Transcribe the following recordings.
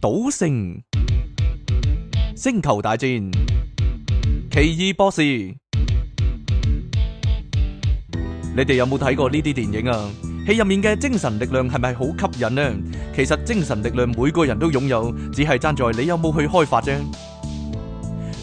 賭聖、星球大戰、奇異博士，你哋有冇睇過呢啲電影啊？戲入面嘅精神力量係咪好吸引呢？其實精神力量每個人都擁有，只係爭在你有冇去開發啫。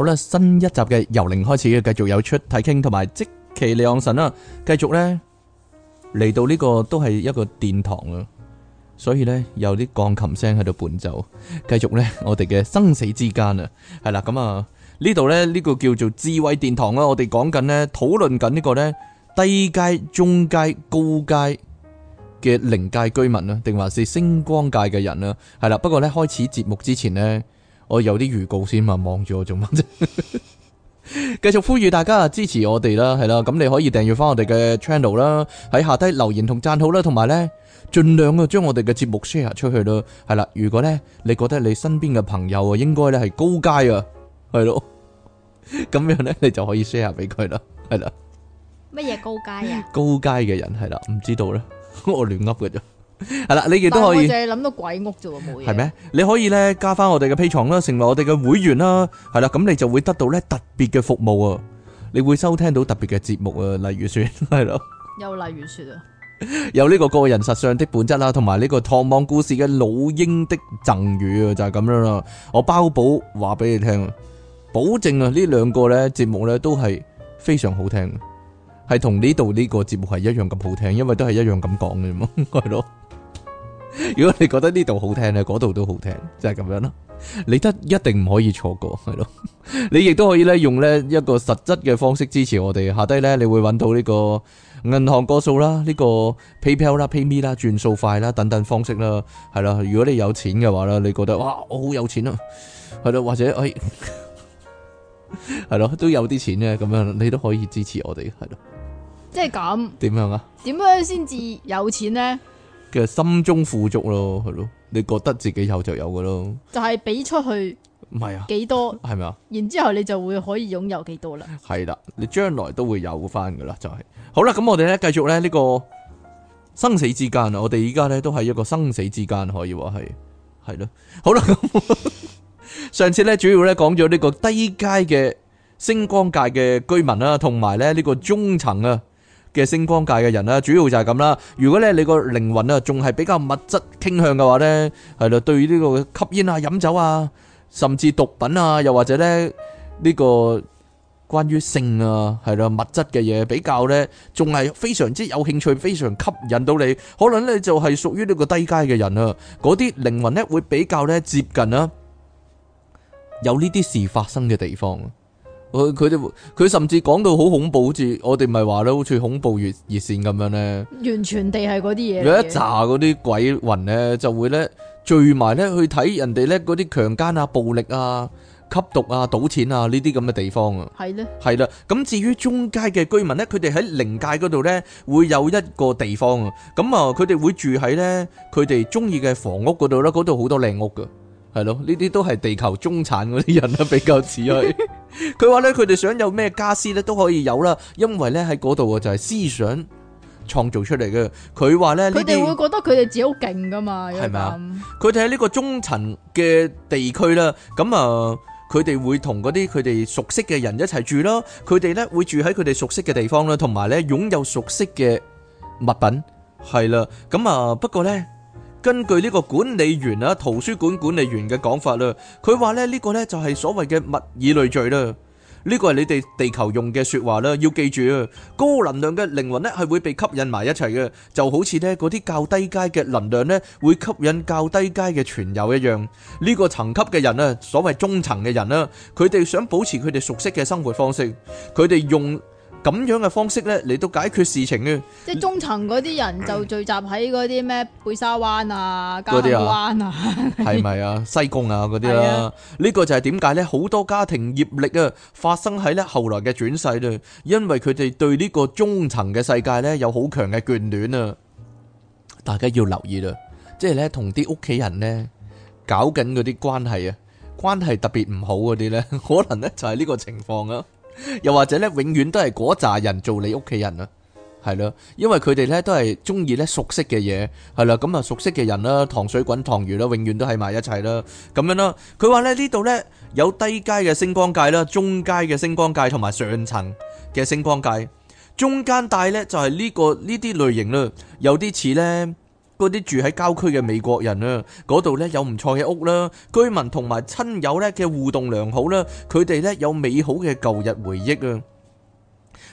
好啦，新一集嘅由零開始，繼續有出睇傾，同埋即其亮神啦。繼續呢，嚟到呢個都係一個殿堂啦，所以呢，有啲鋼琴聲喺度伴奏。繼續呢，我哋嘅生死之間啊，係啦咁啊，呢度呢，呢、呢個叫做智慧殿堂啦。我哋講緊呢，討論緊呢個呢，低階、中階、高階嘅靈界居民啦，定還是星光界嘅人啦？係啦，不過呢，開始節目之前呢。我有啲預告先嘛，望住我做乜啫？ 繼續呼籲大家啊，支持我哋啦，係啦，咁你可以訂閱返我哋嘅 channel 啦，喺下低留言同讚好啦，同埋咧，盡量啊將我哋嘅節目 share 出去咯，係啦，如果咧你覺得你身邊嘅朋友啊，應該咧係高階啊，係咯，咁樣咧你就可以 share 俾佢啦，係啦，乜嘢高階啊？高階嘅人係啦，唔知道啦，我亂噏嘅啫。係啦，你亦都可以。就係諗到鬼屋啫喎，冇嘢。係咩？你可以咧加翻我哋嘅 P 床啦，成為我哋嘅會員啦。係啦，咁你就會得到咧特別嘅服務啊，你會收聽到特別嘅節目啊，例如說，係咯。又例如說啊，有呢個個人實相的本質啦，同埋呢個唐望故事嘅老鷹的贈予啊，就係咁樣啦。我包保話俾你聽啊，保證啊呢兩個咧節目咧都係非常好聽，係同呢度呢個節目係一樣咁好聽，因為都係一樣咁講嘅嘛，係咯。如果你覺得呢度好聽咧，嗰度都好聽，就係、是、咁樣咯。你得一定唔可以錯過，係咯。你亦都可以咧用咧一個實質嘅方式支持我哋，下低咧你會揾到呢個銀行個數啦、呢、這個 PayPal 啦、PayMe 啦、轉數快啦等等方式啦，係啦。如果你有錢嘅話啦，你覺得哇，我好有錢啊，係咯，或者誒係咯，都有啲錢咧咁樣，你都可以支持我哋，係咯。即係咁點樣啊？點樣先至有錢咧？嘅心中富足咯，係咯，你覺得自己有就有噶咯，就係俾出去唔係啊，幾多係咪啊？然之後你就會可以擁有幾多啦。係啦，你將來都會有翻噶啦，就係。好啦，咁我哋咧繼續咧呢個生死之間啊，我哋依家咧都係一個生死之間，可以話係係咯。好啦， 上次咧主要咧講咗呢個低階嘅星光界嘅居民啊，同埋咧呢個中層啊。嘅星光界嘅人啦，主要就係咁啦。如果咧你個靈魂啊仲係比較物質傾向嘅話咧，係啦，對於呢個吸煙啊、飲酒啊，甚至毒品啊，又或者咧呢個關於性啊，係啦，物質嘅嘢，比較咧，仲係非常之有興趣，非常吸引到你，可能你就係屬於呢個低階嘅人啊，嗰啲靈魂咧會比較咧接近啊，有呢啲事發生嘅地方。佢佢哋佢甚至講到好恐怖，好似我哋咪話咧，好似恐怖熱熱線咁樣咧，完全地係嗰啲嘢。有一揸嗰啲鬼魂咧，就會咧聚埋咧去睇人哋咧嗰啲強姦啊、暴力啊、吸毒啊、賭錢啊呢啲咁嘅地方啊。係咧，係啦。咁至於中階嘅居民咧，佢哋喺靈界嗰度咧會有一個地方啊。咁啊，佢哋會住喺咧佢哋中意嘅房屋嗰度啦，嗰度好多靚屋噶。係咯，呢啲都係地球中產嗰啲人啦，比較似係。佢話咧，佢哋想有咩家私咧，都可以有啦，因為咧喺嗰度嘅就係思想創造出嚟嘅。佢話咧，佢哋會覺得佢哋自己好勁噶嘛。係咪啊？佢哋喺呢個中層嘅地區啦，咁啊，佢哋會同嗰啲佢哋熟悉嘅人一齊住囉。佢哋咧會住喺佢哋熟悉嘅地方啦，同埋咧擁有熟悉嘅物品。係啦，咁啊，不過咧。根據呢個管理員啊，圖書館管理員嘅講法啦，佢話咧呢個呢就係所謂嘅物以類聚啦，呢個係你哋地球用嘅說話啦，要記住，高能量嘅靈魂咧係會被吸引埋一齊嘅，就好似呢嗰啲較低階嘅能量呢會吸引較低階嘅傳有一樣，呢、這個層級嘅人啊，所謂中層嘅人啦，佢哋想保持佢哋熟悉嘅生活方式，佢哋用。咁樣嘅方式咧，嚟到解決事情嘅，即係中層嗰啲人就聚集喺嗰啲咩貝沙灣啊、嘉亨灣啊，係咪啊、西貢啊嗰啲啦？呢個就係點解咧？好多家庭業力啊，發生喺咧後來嘅轉世度，因為佢哋對呢個中層嘅世界咧有好強嘅眷戀啊！大家要留意啦，即係咧同啲屋企人咧搞緊嗰啲關係啊，關係特別唔好嗰啲咧，可能咧就係呢個情況啊！又或者咧，永遠都係嗰扎人做你屋企人啊，係咯，因為佢哋咧都係中意咧熟悉嘅嘢，係啦，咁啊熟悉嘅人啦，糖水滾糖魚啦，永遠都喺埋一齊啦，咁樣啦。佢話咧呢度呢有低階嘅星光界啦，中階嘅星光界同埋上層嘅星光界，中間帶呢就係呢個呢啲類型啦，有啲似呢。嗰啲住喺郊區嘅美國人啊，嗰度咧有唔錯嘅屋啦，居民同埋親友咧嘅互動良好啦，佢哋咧有美好嘅舊日回憶啊。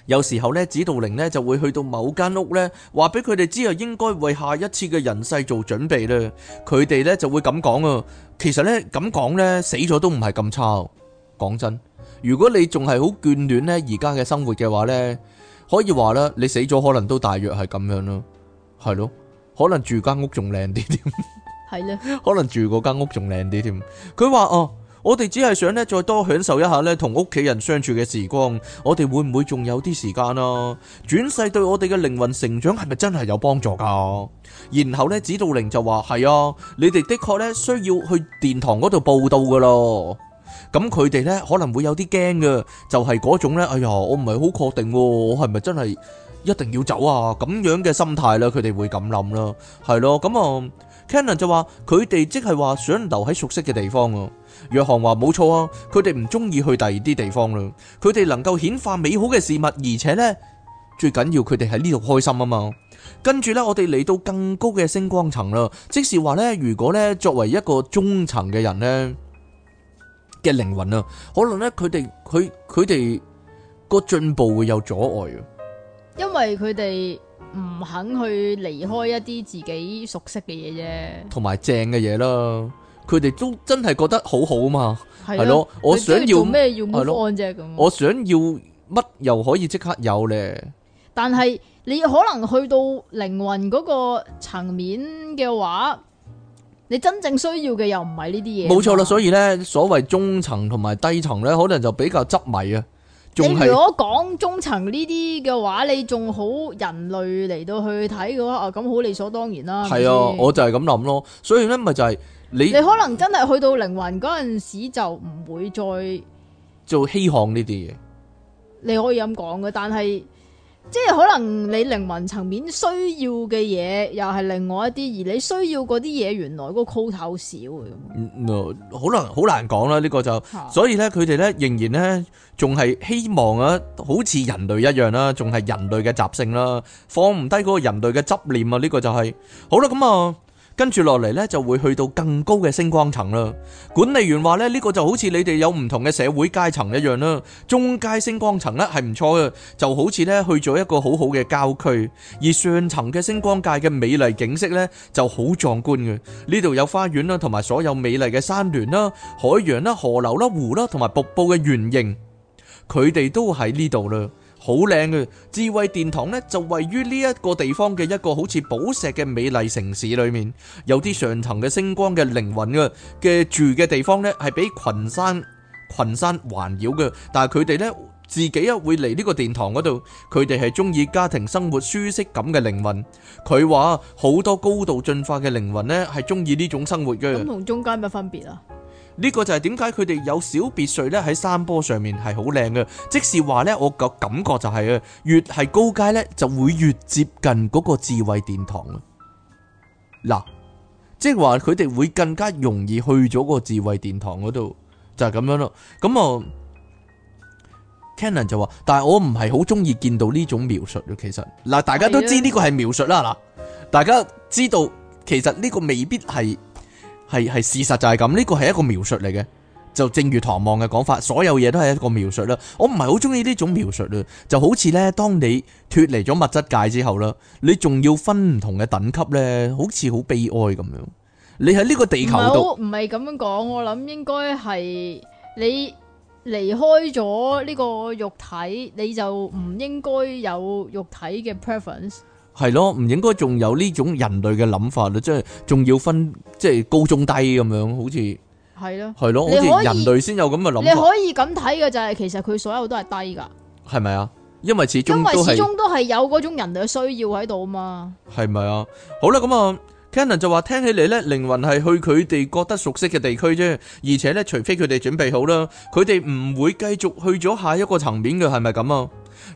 有時候咧，指導靈咧就會去到某間屋咧，話俾佢哋知啊，應該為下一次嘅人世做準備啦。佢哋咧就會咁講啊。其實咧，咁講咧，死咗都唔係咁差。講真，如果你仲係好眷戀咧而家嘅生活嘅話咧，可以話啦，你死咗可能都大約係咁樣咯，係咯。可能住間屋仲靚啲添，係咧。可能住嗰間屋仲靚啲添。佢話哦，我哋只係想咧再多享受一下咧同屋企人相處嘅時光。我哋會唔會仲有啲時間啊？轉世對我哋嘅靈魂成長係咪真係有幫助噶？然後咧，指導靈就話係啊，你哋的確咧需要去殿堂嗰度報到噶咯。咁佢哋咧可能會有啲驚嘅，就係嗰種咧。哎呀，我唔係好確定，我係咪真係？一定要走啊！咁樣嘅心態啦，佢哋會咁諗啦，係咯。咁啊，Cannon 就話佢哋即係話想留喺熟悉嘅地方啊。約翰話冇錯啊，佢哋唔中意去第二啲地方啦。佢哋能夠顯化美好嘅事物，而且呢，最緊要佢哋喺呢度開心啊嘛。跟住呢，我哋嚟到更高嘅星光層啦，即是話呢，如果呢作為一個中層嘅人呢嘅靈魂啊，可能呢佢哋佢佢哋個進步會有阻礙啊。因為佢哋唔肯去離開一啲自己熟悉嘅嘢啫，同埋正嘅嘢啦。佢哋都真係覺得好好啊嘛，係咯。我想要咩要咩啫咁，我想要乜又可以即刻有咧。但係你可能去到靈魂嗰個層面嘅話，你真正需要嘅又唔係呢啲嘢。冇錯啦，所以呢，所謂中層同埋低層呢，可能就比較執迷啊。你如果講中層呢啲嘅話，你仲好人類嚟到去睇嘅話，啊咁好理所當然啦。係啊，我就係咁諗咯。所以咧，咪就係你你可能真係去到靈魂嗰陣時，就唔會再做稀罕呢啲嘢。你可以咁講嘅，但係。即係可能你靈魂層面需要嘅嘢，又係另外一啲，而你需要嗰啲嘢，原來個 quota 少咁。好、嗯嗯、難，好難講啦，呢個就，所以咧，佢哋咧仍然咧，仲係希望啊，好似人類一樣啦，仲係人類嘅習性啦，放唔低嗰個人類嘅執念，這個就是，啊，呢個就係，好啦，咁啊。跟住落嚟呢，就會去到更高嘅星光層啦。管理員話咧，呢個就好似你哋有唔同嘅社會階層一樣啦。中階星光層咧係唔錯嘅，就好似呢，去咗一個好好嘅郊區。而上層嘅星光界嘅美麗景色呢，就好壯觀嘅。呢度有花園啦，同埋所有美麗嘅山巒啦、海洋啦、河流啦、湖啦，同埋瀑布嘅圓形，佢哋都喺呢度啦。好靚嘅智慧殿堂咧，就位於呢一個地方嘅一個好似寶石嘅美麗城市裏面。有啲上層嘅星光嘅靈魂啊嘅住嘅地方咧，係俾群山群山環繞嘅。但係佢哋咧自己啊會嚟呢個殿堂嗰度，佢哋係中意家庭生活舒適感嘅靈魂。佢話好多高度進化嘅靈魂咧係中意呢種生活嘅。咁同中間有乜分別啊？呢個就係點解佢哋有小別墅咧，喺山坡上面，係好靚嘅，即是話呢，我個感覺就係啊，越係高階呢，就會越接近嗰個智慧殿堂啊！嗱，即係話佢哋會更加容易去咗個智慧殿堂嗰度，就係咁樣咯。咁啊，Cannon 就話，但係我唔係好中意見到呢種描述嘅，其實嗱，大家都知呢個係描述啦，嗱，大家知道其實呢個未必係。係係事實就係咁，呢個係一個描述嚟嘅，就正如唐望嘅講法，所有嘢都係一個描述啦。我唔係好中意呢種描述啦，就好似呢：當你脱離咗物質界之後啦，你仲要分唔同嘅等級呢，好似好悲哀咁樣。你喺呢個地球度，唔係咁樣講，我諗應該係你離開咗呢個肉體，你就唔應該有肉體嘅 preference。係咯，唔應該仲有呢種人類嘅諗法咯，即係仲要分即係高中低咁樣，好似係咯，係咯，好似人類先有咁嘅諗法。你可以咁睇嘅就係其實佢所有都係低噶，係咪啊？因為始終都因為始終都係有嗰種人類嘅需要喺度啊嘛，係咪啊？好啦，咁啊，Canon 就話聽起嚟咧，靈魂係去佢哋覺得熟悉嘅地區啫，而且咧，除非佢哋準備好啦，佢哋唔會繼續去咗下一個層面嘅，係咪咁啊？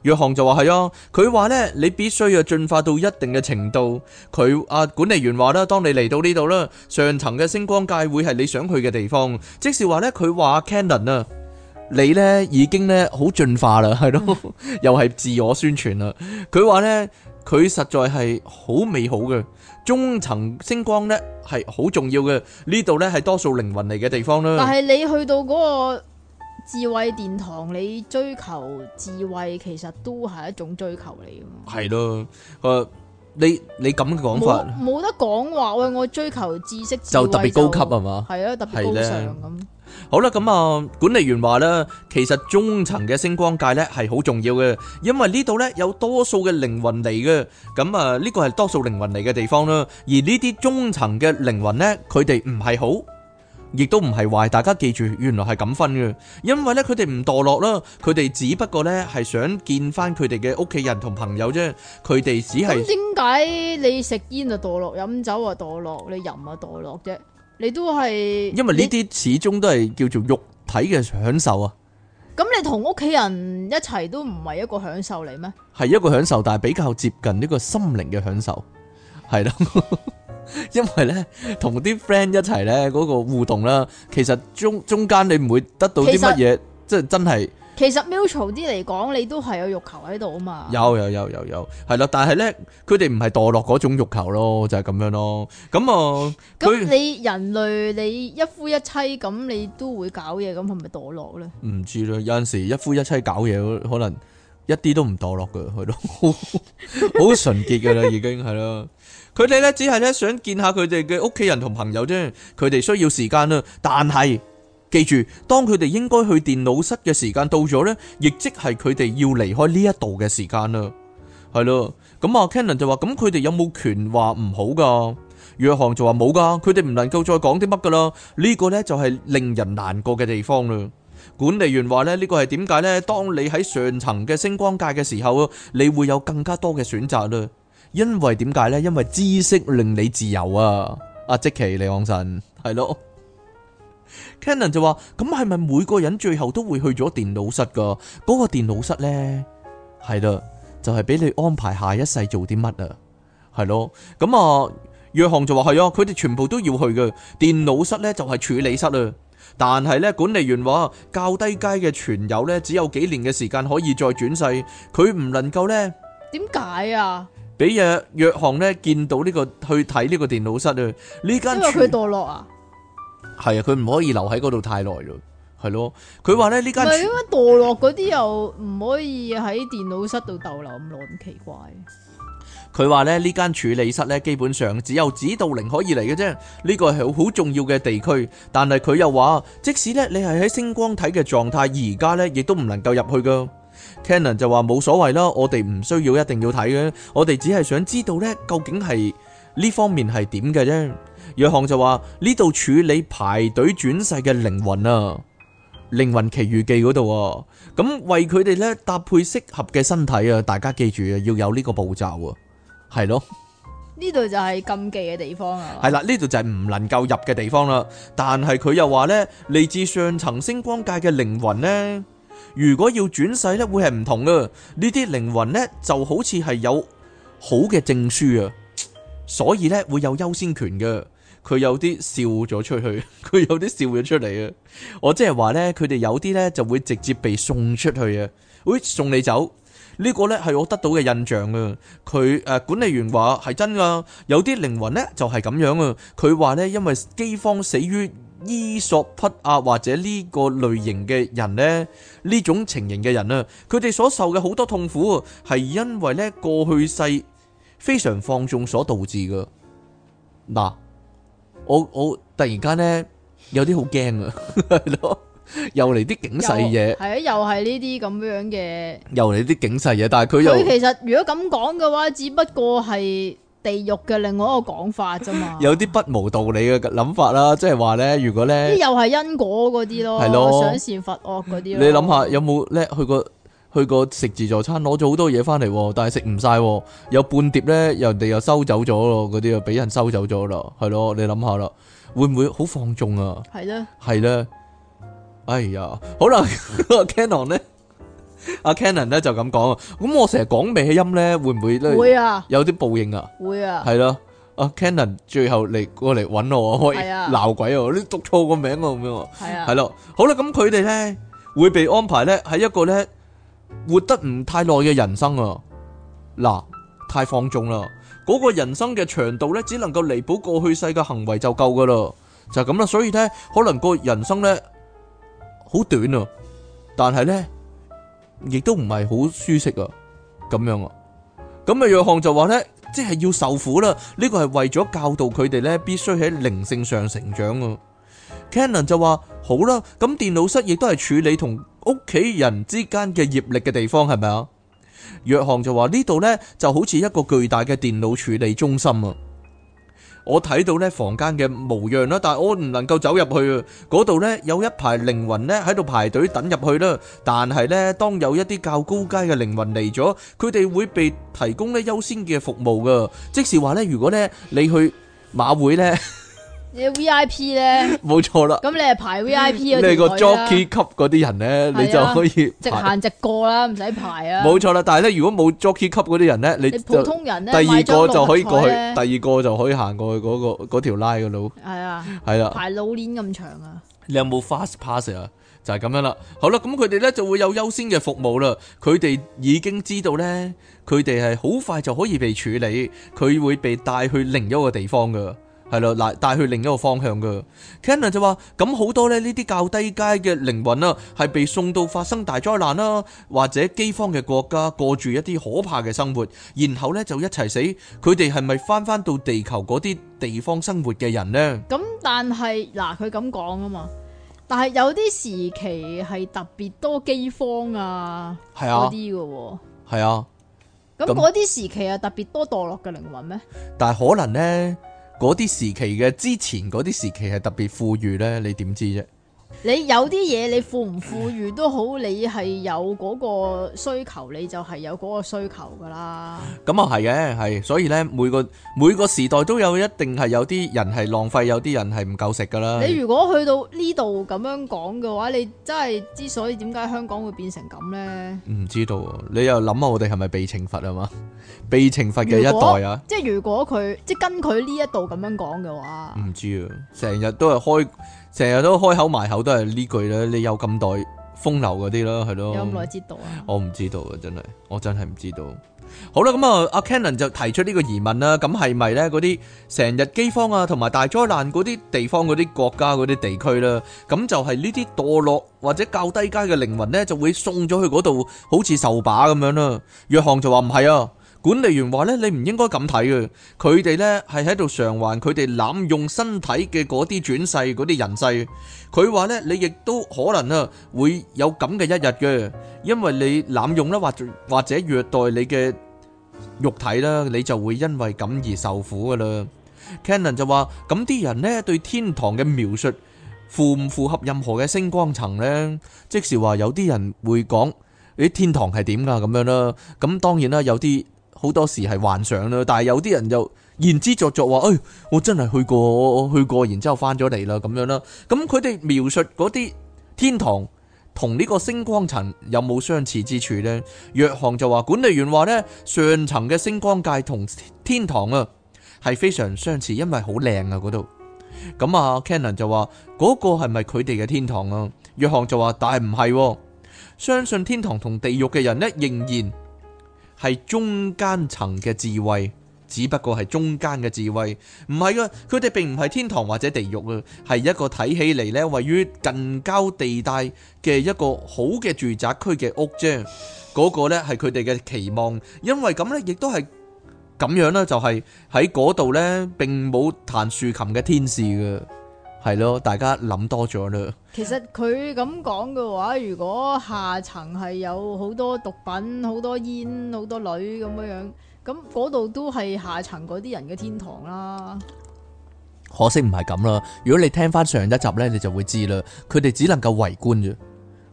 約翰就話係啊，佢話呢，你必須要進化到一定嘅程度。佢啊管理員話啦，當你嚟到呢度啦，上層嘅星光界會係你想去嘅地方。即是話呢，佢話 Cannon 啊，你呢已經呢，好進化啦，係咯，又係自我宣傳啦。佢話呢，佢實在係好美好嘅，中層星光呢係好重要嘅，呢度呢係多數靈魂嚟嘅地方啦。但係你去到嗰個。智慧殿堂，你追求智慧，其實都係一種追求嚟嘅。係咯，誒，你你咁嘅講法，冇得講話喎，我追求知識就，就特別高級係嘛？係啊，特別高尚咁，嗯。好啦，咁、嗯、啊，管理員話咧，其實中層嘅星光界咧係好重要嘅，因為呢度咧有多數嘅靈魂嚟嘅，咁啊呢個係多數靈魂嚟嘅地方啦。而呢啲中層嘅靈魂咧，佢哋唔係好。亦都唔係壞，大家記住，原來係咁分嘅。因為咧，佢哋唔墮落啦，佢哋只不過咧係想見翻佢哋嘅屋企人同朋友啫。佢哋只係點解你食煙就墮落，飲酒啊墮落，你飲啊墮落啫？你都係因為呢啲始終都係叫做肉體嘅享受啊。咁你同屋企人一齊都唔係一個享受嚟咩？係一個享受，但係比較接近呢個心靈嘅享受，係啦。 因為咧，同啲 friend 一齊咧，嗰個互動啦，其實中中間你唔會得到啲乜嘢，即係真係。其實 mutual 啲嚟講，你都係有欲求喺度啊嘛。有有有有有，係啦，但係咧，佢哋唔係墮落嗰種欲求咯，就係咁樣咯。咁啊，咁你人類你一夫一妻咁，你都會搞嘢，咁係咪墮落咧？唔知啦，有陣時一夫一妻搞嘢，可能一啲都唔墮落噶，佢都好純潔噶啦， 已經係啦。佢哋咧只係咧想見下佢哋嘅屋企人同朋友啫，佢哋需要時間啦。但係記住，當佢哋應該去電腦室嘅時間到咗咧，亦即係佢哋要離開呢一度嘅時間啦。係咯，咁阿 Cannon 就話：咁佢哋有冇權話唔好噶？約翰就話冇噶，佢哋唔能夠再講啲乜噶啦。呢個咧就係令人難過嘅地方啦。管理員話咧：呢個係點解咧？當你喺上層嘅星光界嘅時候，你會有更加多嘅選擇啦。因為點解呢？因為知識令你自由啊！阿即其李昂臣係咯，Canon 就話咁係咪每個人最後都會去咗電腦室噶？嗰個電腦室呢係啦，就係俾你安排下一世做啲乜啊？係咯，咁啊，約翰就話係啊，佢哋全部都要去嘅電腦室呢，就係處理室啊。但係呢，管理員話較低階嘅存有呢，只有幾年嘅時間可以再轉世，佢唔能夠呢，點解啊？俾阿約翰咧見到呢個去睇呢個電腦室啊！呢間因為佢墮落啊，係啊，佢唔可以留喺嗰度太耐咯，係咯。佢話咧呢間唔係因為墮落嗰啲又唔可以喺電腦室度逗留咁耐，咁奇怪。佢話咧呢間處理室咧，基本上只有指導靈可以嚟嘅啫。呢個係好重要嘅地區，但係佢又話，即使咧你係喺星光體嘅狀態，而家咧亦都唔能夠入去噶。Canon 就話冇所謂啦，我哋唔需要一定要睇嘅，我哋只係想知道呢究竟係呢方面係點嘅啫。約翰就話，呢度處理排隊轉世嘅靈魂啊，靈魂《靈魂奇遇記》嗰度，咁為佢哋呢搭配適合嘅身體啊，大家記住啊，要有呢個步驟啊，係咯。呢度就係禁忌嘅地方啊。係啦，呢度就係唔能夠入嘅地方啦。但係佢又話呢，嚟自上層星光界嘅靈魂呢，如果要轉世咧，會係唔同噶。呢啲靈魂咧就好似係有好嘅證書啊，所以咧會有優先權㗎。佢有啲笑咗出去，佢有啲笑咗出嚟啊。我即係話咧，佢哋有啲咧就會直接被送出去啊，會送你走。呢、這個咧係我得到嘅印象啊。佢誒、呃、管理員話係真噶，有啲靈魂咧就係咁樣啊。佢話咧因為饑荒死於。伊索匹亞或者呢個類型嘅人呢，呢種情形嘅人啊，佢哋所受嘅好多痛苦，係因為呢過去世非常放縱所導致噶。嗱，我我突然間呢，有啲好驚啊，係 囉， 又嚟啲警世嘢，係啊，又係呢啲咁樣嘅，又嚟啲警世嘢，但係佢又佢其實如果咁講嘅話，只不過係。地獄嘅另外一個講法啫嘛， 有啲不無道理嘅諗法啦，即係話咧，如果咧，又係因果嗰啲咯，係咯，賞善罰惡嗰啲。你諗下有冇咧去過去過食自助餐，攞咗好多嘢翻嚟，但係食唔晒，有半碟咧，人哋又收走咗咯，嗰啲又俾人收走咗咯，係咯，你諗下啦，會唔會好放縱啊？係咧，係咧，哎呀，好啦、嗯、 ，Canon 咧。阿 Canon 咧就咁講啊，咁我成日講尾音咧，會唔會咧？會啊！有啲報應啊！會啊！係咯，阿 Canon 最後嚟過嚟揾我，可以鬧鬼啊！你讀錯個名啊咁樣，係啊，係咯，好啦，咁佢哋咧會被安排咧喺一個咧活得唔太耐嘅人生啊，嗱，太放縱啦，嗰個人生嘅長度咧只能夠彌補過去世嘅行為就夠噶啦，就係咁啦，所以咧可能個人生咧好短啊，但係咧。亦都唔係好舒適啊，咁樣啊，咁啊約翰就話呢，即係要受苦啦，呢個係為咗教導佢哋呢，必須喺靈性上成長啊。Canon 就話好啦，咁電腦室亦都係處理同屋企人之間嘅業力嘅地方，係咪啊？約翰就話呢度呢，就好似一個巨大嘅電腦處理中心啊。我睇到咧房間嘅模樣啦，但係我唔能夠走入去啊！嗰度呢，有一排靈魂呢喺度排隊等入去啦，但係呢，當有一啲較高階嘅靈魂嚟咗，佢哋會被提供呢優先嘅服務噶。即係話呢，如果呢你去馬會呢。你 VIP 咧，冇錯啦。咁你係排 VIP 咩啲、啊，你個 jockey 級嗰啲人咧、啊，你就可以直行直過啦，唔使排啊。冇錯啦，但係咧，如果冇 jockey 級嗰啲人咧，你普通人咧，第二個就可以過去，啊、第二個就可以行過去嗰、那個嗰條 line 嘅路。係啊，係啦、啊，排老鏈咁長啊。你有冇 fast pass 啊？就係、是、咁樣啦。好啦，咁佢哋咧就會有優先嘅服務啦。佢哋已經知道咧，佢哋係好快就可以被處理，佢會被帶去另一個地方噶。係咯，嗱，帶去另一個方向噶。Cannon 就話：咁好多咧，呢啲較低階嘅靈魂啊，係被送到發生大災難啦，或者饑荒嘅國家，過住一啲可怕嘅生活，然後咧就一齊死。佢哋係咪翻翻到地球嗰啲地方生活嘅人呢？咁但係嗱，佢咁講啊嘛，但係有啲時期係特別多饑荒啊，係啊，嗰啲嘅喎，係啊，咁嗰啲時期啊特別多墮落嘅靈魂咩？但係可能呢。嗰啲時期嘅之前，嗰啲時期係特別富裕咧，你點知啫？你有啲嘢，你富唔富裕都好，你係有嗰個需求，你就係有嗰個需求噶啦。咁啊係嘅，係所以咧，每個每個時代都有一定係有啲人係浪費，有啲人係唔夠食噶啦。你如果去到呢度咁樣講嘅話，你真係之所以點解香港會變成咁咧？唔知道，你又諗下我哋係咪被懲罰啊嘛？ 被懲罰嘅一代啊！即係如果佢即係跟佢呢一度咁樣講嘅話，唔知啊，成日都係開。成日都開口埋口都係呢句啦。你有咁耐風流嗰啲啦，係咯？有咁耐知道啊？我唔知道啊，真係，我真係唔知道。好啦，咁啊，阿 Canon 就提出呢個疑問啦，咁係咪咧嗰啲成日饑荒啊，同埋大災難嗰啲地方嗰啲國家嗰啲地區啦？咁就係呢啲墮落或者較低階嘅靈魂咧，就會送咗去嗰度，好似受把咁樣啦。約翰就話唔係啊。管理員話咧：你唔應該咁睇嘅，佢哋咧，係喺度償還佢哋濫用身體嘅嗰啲轉世嗰啲人世。佢話咧：你亦都可能啊會有咁嘅一日嘅，因為你濫用啦或或者虐待你嘅肉體啦，你就會因為咁而受苦噶啦。Cannon 就話：咁啲人咧，對天堂嘅描述符唔符合任何嘅星光層咧？即是話有啲人會講：誒天堂係點噶咁樣啦？咁當然啦，有啲好多時係幻想啦，但係有啲人就言之鑿鑿話：誒、哎，我真係去過，我去過，然之後翻咗嚟啦，咁樣啦。咁佢哋描述嗰啲天堂同呢個星光層有冇相似之處呢？約翰就話，管理員話呢，上層嘅星光界同天堂啊，係非常相似，因為好靚啊嗰度。咁啊，Cannon 就話嗰、嗰個係咪佢哋嘅天堂啊？約翰就話，但係唔係，相信天堂同地獄嘅人呢，仍然。係中間層嘅智慧，只不過係中間嘅智慧，唔係啊，佢哋並唔係天堂或者地獄啊，係一個睇起嚟咧位於近郊地帶嘅一個好嘅住宅區嘅屋啫，嗰個呢係佢哋嘅期望，因為咁呢亦都係咁樣啦，就係喺嗰度呢，並冇彈豎琴嘅天使噶。係咯，大家諗多咗咯。其實佢咁講嘅話，如果下層係有好多毒品，好多煙，好多女咁樣樣，咁嗰度都係下層嗰啲人嘅天堂啦。可惜唔係咁啦。如果你聽翻上一集呢，你就會知啦。佢哋只能夠圍觀嘅，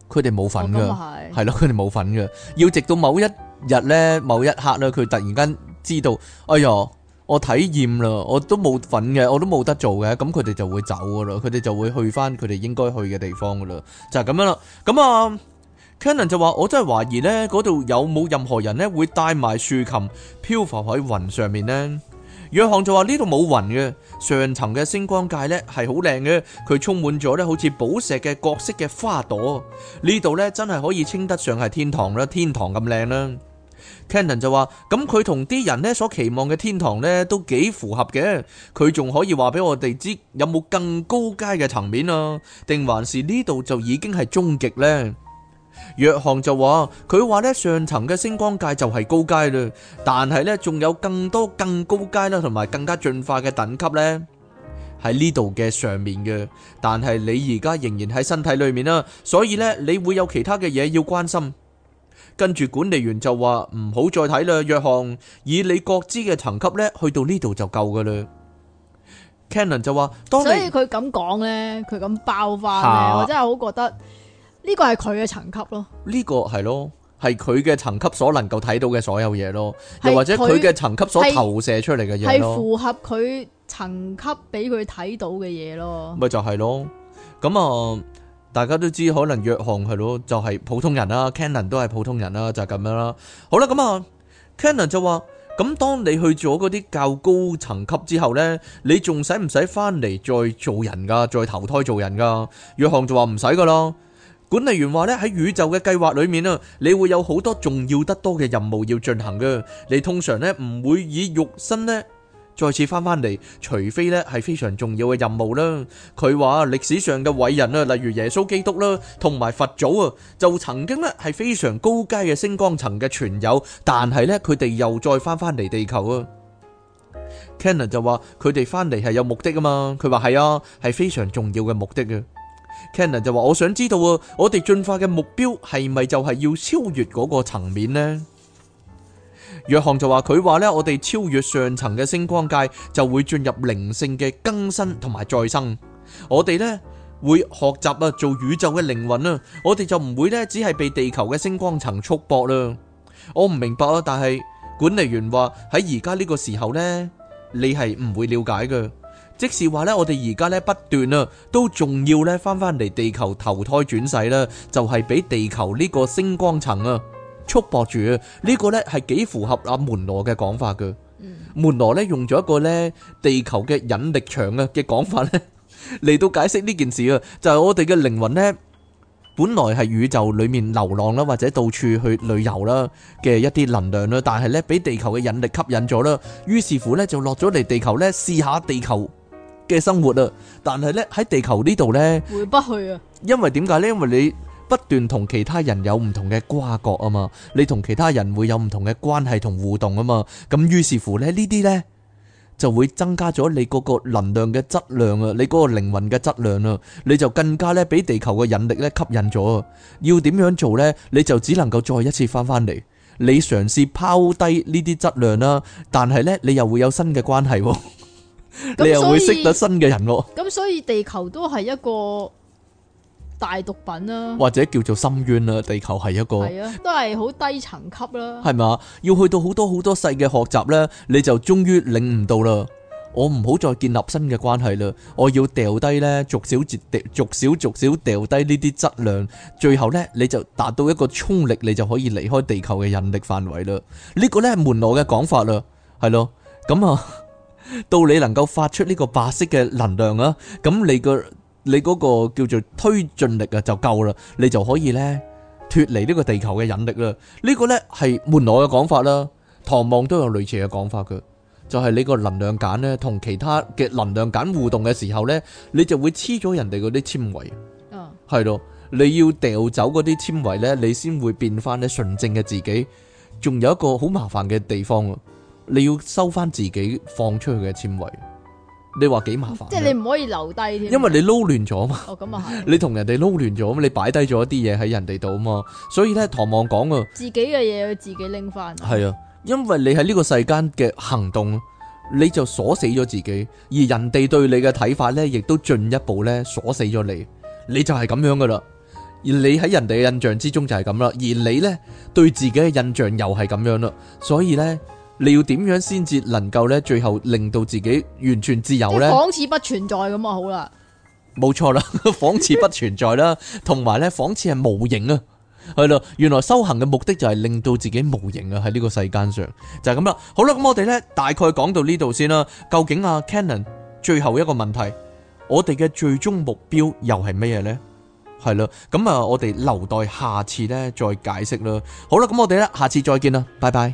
佢哋冇份嘅。係、哦、咯，佢哋冇份嘅。要直到某一日呢，某一刻呢，佢突然間知道，哎喲！我體驗啦，我都冇份嘅，我都冇得做嘅，咁佢哋就會走噶啦，佢哋就會去翻佢哋應該去嘅地方噶啦，就係咁樣啦。咁啊，Cannon 就話：我真係懷疑呢嗰度有冇任何人呢會帶埋豎琴漂浮喺雲上面呢？」約翰就話：呢度冇雲嘅，上層嘅星光界呢係好靚嘅，佢充滿咗好似寶石嘅各色嘅花朵，呢度呢，真係可以稱得上係天堂啦，天堂咁靚啦。Cannon 就話：咁佢同啲人呢所期望嘅天堂呢都幾符合嘅，佢仲可以話俾我哋知有冇更高階嘅層面啊？定還是呢度就已經係終極呢？約翰就話：佢話呢上層嘅星光界就係高階啦，但係呢仲有更多更高階啦，同埋更加進化嘅等級呢。喺呢度嘅上面嘅。但係你而家仍然喺身體裏面啊，所以呢，你會有其他嘅嘢要關心。跟住管理員就話，唔好再睇啦，約翰，以你各知嘅層級呢，去到呢度就夠噶啦。Cannon 就話，所以佢咁講呢，佢咁爆發呢，我真係好覺得呢個係佢嘅層級咯。呢、呢個係咯，係佢嘅層級所能夠睇到嘅所有嘢咯，又或者佢嘅層級所投射出嚟嘅嘢，係符合佢層級俾佢睇到嘅嘢咯。咪就係、係、咯，咁啊。大家都知，可能約翰係咯，就係普通人啦。Canon 都係普通人啦，就係咁樣啦。好啦，咁啊，Canon 就話：咁當你去咗嗰啲較高層級之後呢，你仲使唔使翻嚟再做人噶，再投胎做人噶？約翰就話唔使噶咯。管理員話呢，喺宇宙嘅計劃裏面啊，你會有好多重要得多嘅任務要進行嘅。你通常呢，唔會以肉身呢……」再次翻返嚟，除非咧，係非常重要嘅任務啦。佢話歷史上嘅偉人啊，例如耶穌基督啦，同埋佛祖啊，就曾經咧係非常高階嘅星光層嘅存有，但係咧佢哋又再翻返嚟地球啊。Cannon 就話佢哋翻嚟係有目的噶嘛，佢話係啊，係非常重要嘅目的嘅。Cannon 就話我想知道啊，我哋進化嘅目標係咪就係要超越嗰個層面呢？」約翰就話，佢話呢，我哋超越上層嘅星光界，就會進入靈性嘅更新同埋再生。我哋呢，會學習啊，做宇宙嘅靈魂。我哋就唔會呢，只係被地球嘅星光層束縛啦。我唔明白啊，但係管理員話喺而家呢個時候呢，你係唔會了解嘅。即使話呢，我哋而家呢，不斷啊，都仲要呢，翻翻嚟地球投胎轉世啦，就係、是、俾地球呢個星光層啊。束縛住啊！呢個呢係幾符合阿門羅嘅講法嘅。門羅呢用咗一個呢地球嘅引力場啊嘅講法呢嚟,到解釋呢件事啊，就係我哋嘅靈魂呢本來係宇宙裏面流浪啦，或者到處去旅遊啦嘅一啲能量啦，但係呢俾地球嘅引力吸引咗啦，於是乎呢就落咗嚟地球呢試下地球嘅生活啊！但係呢喺地球呢度呢回不去啊！因為點解呢？因為你。不斷同其他人有唔同嘅瓜葛啊嘛，你同其他人會有唔同嘅關係同互動啊嘛，咁於是乎咧呢啲咧就會增加咗你嗰個能量嘅質量啊，你嗰個靈魂嘅質量啊，你就更加咧俾地球嘅引力咧吸引咗啊。要點樣做咧？你就只能夠再一次翻翻嚟，你嘗試拋低呢啲質量啦，但係咧你又會有新嘅關係，你又會識得新嘅人。咁所以地球都係一個，大毒品啦、啊，或者叫做深淵啦、啊，地球係一個，是啊、都係好低層級啦、啊，係咪，要去到好多好多細嘅學習呢，你就終於領悟到啦。我唔好再建立新嘅關係啦，我要掉低呢，逐少截逐少逐少掉低呢啲質量，最後呢，你就達到一個衝力，你就可以離開地球嘅引力範圍啦。這個、呢個呢門羅嘅講法啦，係咯，咁啊，到你能夠發出呢個白色嘅能量啊，咁你個。你嗰個叫做推進力啊，就夠啦，你就可以呢脱離呢個地球嘅引力啦。呢、這個呢係門內嘅講法啦，唐望都有類似嘅講法嘅，就係、是、你個能量繭呢，同其他嘅能量繭互動嘅時候呢，你就會黐咗人哋嗰啲纖維，嗯、哦，係咯，你要掉走嗰啲纖維呢，你先會變翻呢純正嘅自己。仲有一個好麻煩嘅地方，你要收翻自己放出去嘅纖維。你話幾麻煩？即係你唔可以留低添。因為你撈亂咗啊嘛。哦，咁啊係。你同人哋撈亂咗啊嘛，你擺低咗一啲嘢喺人哋度啊嘛，所以咧唐望講啊，自己嘅嘢要自己拎翻。係啊，因為你喺呢個世間嘅行動，你就鎖死咗自己，而人哋對你嘅睇法咧，亦都進一步咧鎖死咗你。你就係咁樣噶啦，而你喺人哋嘅印象之中就係咁啦，而你咧對自己嘅印象又係咁樣啦，所以咧。你要點樣先至能夠咧，最後令到自己完全自由呢？仿似不存在咁啊，好啦，冇錯啦，仿似不存在啦，同埋咧，仿似係無形啊，係啦，原來修行嘅目的就係令到自己無形啊，喺呢個世間上就係咁啦。好啦，咁我哋咧大概講到呢度先啦。究竟阿 Canon 最後一個問題，我哋嘅最終目標又係咩嘢呢？係啦，咁啊，我哋留待下次咧再解釋啦。好啦，咁我哋咧下次再見啦，拜拜。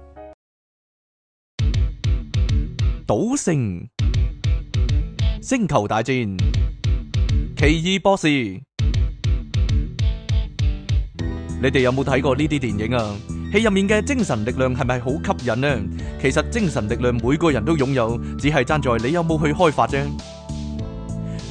賭聖、星球大戰、奇異博士，你哋有冇睇過呢啲電影啊？戲入面嘅精神力量係咪好吸引呢？其實精神力量每個人都擁有，只係爭在你有冇去開發啫。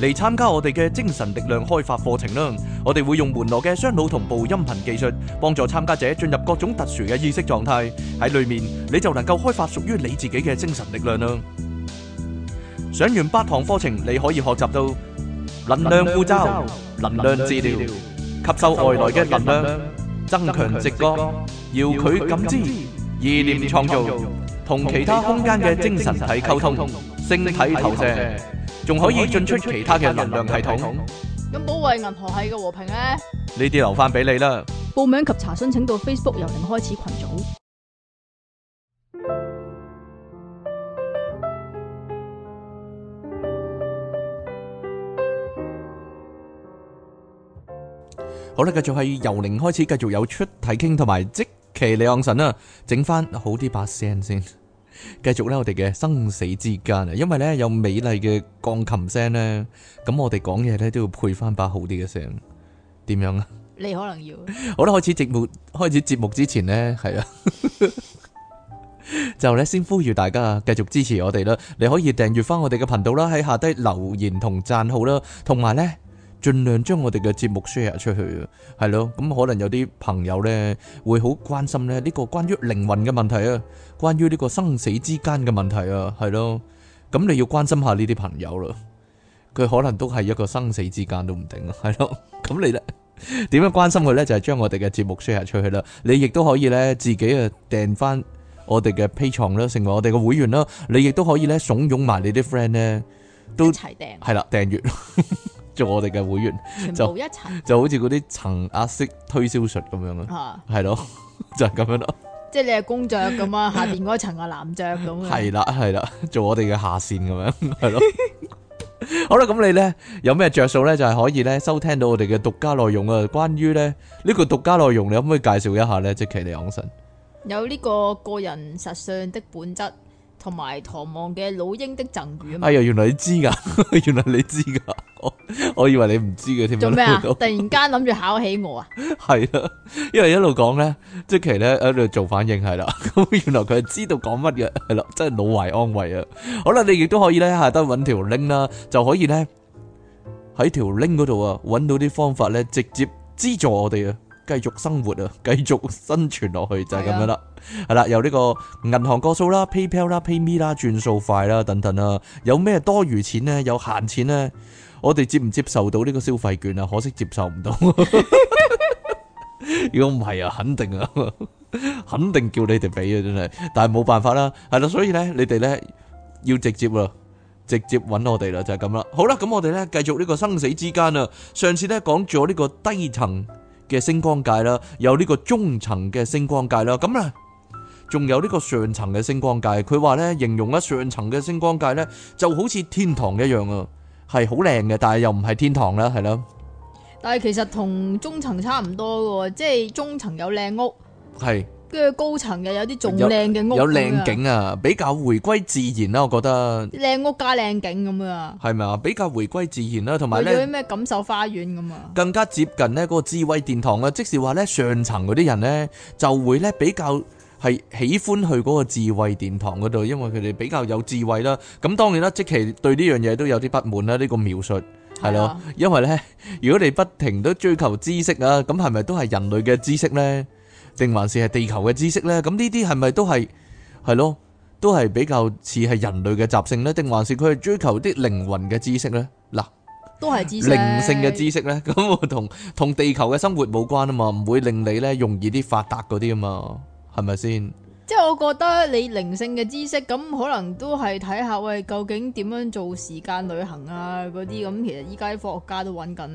嚟參加我哋嘅精神力量開發課程啦！我哋會用門羅嘅雙腦同步音頻技術，幫助參加者進入各種特殊嘅意識狀態。喺裏面你就能夠開發屬於你自己嘅精神力量啦！上完八堂課程，你可以學習到能量護罩、能量治療、吸收外來嘅能量、增強直覺、遙距感知、意念創造、同其他空間嘅精神體溝通、星體投射。仲可以進出其他嘅能量系統。咁保衛銀河系嘅和平咧？呢啲留翻俾你啦。報名及查詢請到 Facebook 由零開始群組。好啦，繼續係由零開始，繼續有出睇傾，同埋即期李昂神啊，整翻好啲把聲先。繼續咧，我哋嘅生死之間啊，因為咧有美麗嘅鋼琴聲咧，咁我哋講嘢咧都要配翻把好啲嘅聲，點樣啊？你可能要。好啦，開始節目，開始節目之前呢，係啊， 就咧先呼籲大家啊繼續支持我哋啦，你可以訂閱翻我哋嘅頻道啦，喺下低留言同讚好啦，同埋咧。盡量將我哋嘅節目 share 出去，係咯，咁可能有啲朋友呢會好關心咧呢個關於靈魂嘅問題啊，關於呢個生死之間嘅問題啊，係咯，咁你要關心下呢啲朋友啦，佢可能都係一個生死之間都唔定，啊，係咯，咁你呢點樣關心佢呢？就係、是、將我哋嘅節目 share 出去啦。你亦都可以呢自己啊訂翻我哋嘅 P 創啦，成為我哋嘅會員啦。你亦都可以呢，慫恿埋你啲 friend 呢都齊訂係啦，訂閱。 做我哋嘅會員做一層，就就好似嗰啲層壓式推銷術咁樣啊，係咯，就係咁樣咯。即係你係公爵咁啊，下邊嗰層啊，男爵咁啊。係啦係啦，做我哋嘅下綫咁樣，係咯。 好啦，咁你咧有咩着數咧？就係可以咧收聽到我哋嘅獨家內容啊。關於咧呢個獨家內容，你可唔可以介紹一下咧？即係奇尼昂神有呢個個人實相的本質。同埋唐望嘅老鷹的贈語嘛。哎呀，原來你知噶，原來你知噶，我以為你唔知嘅添。做咩啊？突然間諗住考起我啊？係啦，因為一路講咧，即其咧喺度做反應係啦。咁原來佢係知道講乜嘢，係啦，真係老懷安慰啊。好啦，你亦都可以咧，下得搵條 link 啦，就可以咧喺條 link 嗰度啊，搵到啲方法咧，直接資助我哋啊！繼續生活啊，繼續生存落去就係咁樣啦，哎，係啦，有呢個銀行個數啦，PayPal 啦，PayMe 啦，轉數快啦，等等啦。有咩多餘錢呢？有閒錢呢？我哋接唔接受到呢個消費券啊？可惜接受唔到。 如果唔係啊，肯定啊，肯定叫你哋俾啊，真係，但係冇辦法啦，係啦，所以咧，你哋咧要直接啊，直接搵我哋啦，就係咁啦。好啦，咁我哋咧繼續呢個生死之間啊，上次咧講咗呢個低層。嘅星光界啦，有呢個中層嘅星光界啦，咁咧仲有呢個上層嘅星光界。佢話咧形容咗上層嘅星光界咧就好似天堂一樣啊，係好靚嘅，但係又唔係天堂啦，係啦。但係其實同中層差唔多嘅，即係中層有靚屋。係。嘅高層又有啲仲靚嘅屋，有靚景啊，比較回歸自然啦，啊，我覺得靚屋加靚景咁啊，係咪啊？比較回歸自然啦，啊，同埋咧，佢咩感受花園咁啊？更加接近呢，嗰個智慧殿堂啊！即係話咧，上層嗰啲人咧就會咧比較係喜歡去嗰個智慧殿堂嗰度，因為佢哋比較有智慧啦，啊。咁當然啦，啊，即係對呢樣嘢都有啲不滿啦，啊。呢，這個描述係咯，啊啊，因為咧，如果你不停都追求知識啊，咁係咪都係人類嘅知識咧？定還是係地球嘅知識咧？咁呢啲係咪都係係咯？都係比較似係人類嘅習性咧？定還是佢係追求啲靈魂嘅知識咧？嗱，都係知識，靈性嘅知識咧？咁我同同地球嘅生活冇關啊嘛，唔會令你咧容易啲發達嗰啲啊嘛，係咪先？即係我覺得你靈性嘅知識，咁可能都係睇下喂，究竟點樣做時間旅行啊？嗰啲咁其實依家啲科學家都揾緊。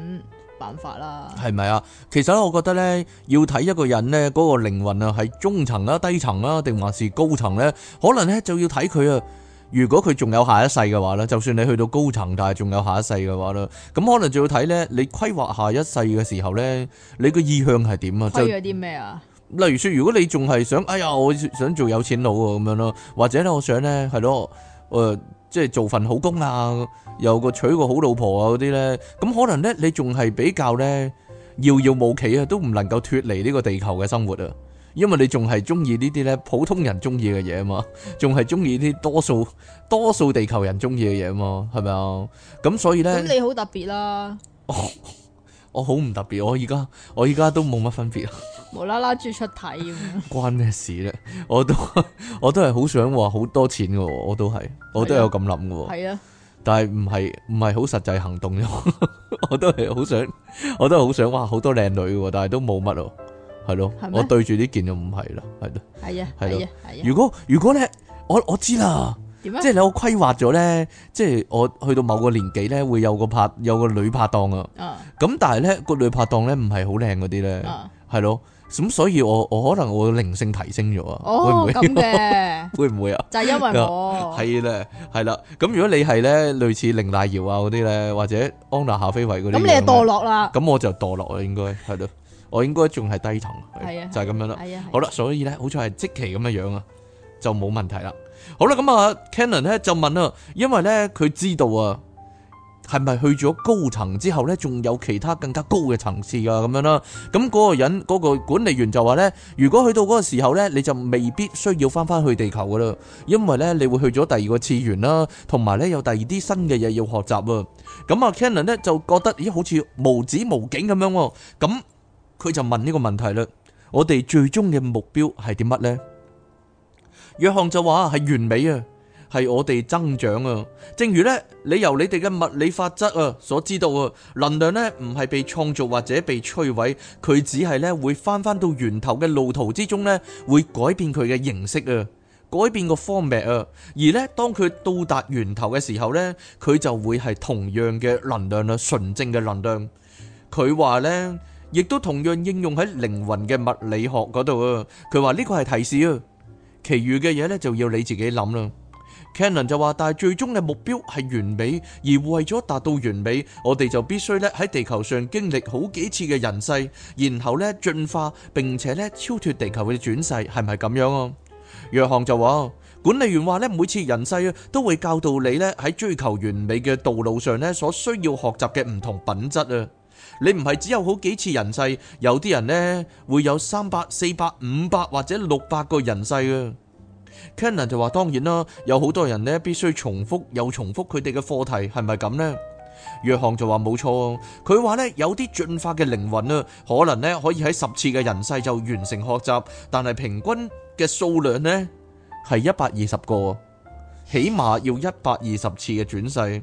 辦法啦，係咪啊？其實我覺得呢，要睇一個人呢，嗰個靈魂啊，係中層啦、低層啦，定還是高層呢？可能呢，就要睇佢啊。如果佢仲有下一世嘅話呢，就算你去到高層，但係仲有下一世嘅話呢，咁可能就要睇呢，你規劃下一世嘅時候呢，你個意向係點啊？規劃啲咩啊？例如說，如果你仲係想，哎呀，我想做有錢佬啊，咁樣咯，或者呢，我想呢，係、呃、咯，誒。即係做份好工啊，又個娶個好老婆啊嗰啲咧，咁可能咧你仲係比較咧遙遙無期啊，都唔能夠脫離呢個地球嘅生活啊，因為你仲係中意呢啲咧普通人中意嘅嘢啊嘛，仲係中意啲多數多數地球人中意嘅嘢啊嘛，係咪啊？咁所以咧，咁你好特別啦。哦。我好唔特別，我而家我而家都冇乜分別啊，無啦啦住出體咁， 關咩事咧？我都我都係好想話好多錢嘅，我都係我，我都有咁諗嘅。係啊，但係唔係唔係好實際行動咯？ 我都係好想，我都係好想話好多靚女嘅，但係都冇乜咯，係咯。嗎我對住呢件就唔係啦，係咯。係啊，係啊，係啊。如果如果咧，我我，我知啦。即係我規劃咗咧，即係我，我去到某個年紀咧，會有個拍有個女拍檔啊。咁、嗯、但係咧個女拍檔咧唔係好靚嗰啲咧，係、嗯、咯。咁所以我我可能我靈性提升咗啊。哦，會唔會會唔會啊？ 就係、是、因為我係啦，係啦。咁如果你係咧類似凌大堯啊嗰啲咧，或者安娜夏飛慧嗰啲咁，你係墮落啦。咁我就墮落啦，應該係咯。我應該仲係低層，係啊，就係、是、咁樣啦。係啊，好啦，所以咧，好似係即期咁嘅樣啊，就冇問題啦。好啦，咁啊，Cannon 咧就問啦，因為咧佢知道啊，係咪去咗高層之後咧，仲有其他更加高嘅層次啊，咁樣啦。咁嗰個人嗰個管理員就話咧，如果去到嗰個時候咧，你就未必需要返返去地球噶啦，因為咧你會去咗第二個次元啦，同埋咧有第二啲新嘅嘢要學習啊。咁啊，Cannon 咧就覺得咦，好似無止無境咁樣。咁佢就問呢個問題啦，我哋最終嘅目標係點乜咧？約翰就話係完美啊，係我哋增長啊。正如呢，你由你哋嘅物理法則啊所知道啊，能量呢唔係被創造或者被摧毀，佢只係呢會翻翻到源頭嘅路途之中呢，會改變佢嘅形式啊，改變個方面啊。而呢，當佢到達源頭嘅時候呢，佢就會係同樣嘅能量啊，純正嘅能量。佢話呢，亦都同樣應用喺靈魂嘅物理學嗰度啊。佢話呢個係提示啊。其餘嘅嘢咧就要你自己諗啦。Canon 就話，但係最終嘅目標係完美，而為咗達到完美，我哋就必須咧喺地球上經歷好幾次嘅人世，然後咧進化，並且咧超脫地球嘅轉世，係唔係咁樣啊？約翰就話，管理員話咧，每次人世啊，都會教導你咧喺追求完美嘅道路上咧所需要學習嘅唔同品質啊。你唔係只有好幾次人世，有啲人呢會有三百、四百、五百或者六百個人世嘅。Cannon 就話，當然啦，有好多人呢必須重複又重複佢哋嘅課題，係咪咁呢？約翰就話冇錯，佢話呢有啲進化嘅靈魂啊，可能呢可以喺十次嘅人世就完成學習，但係平均嘅數量呢，係一百二十個，起碼要一百二十次嘅轉世。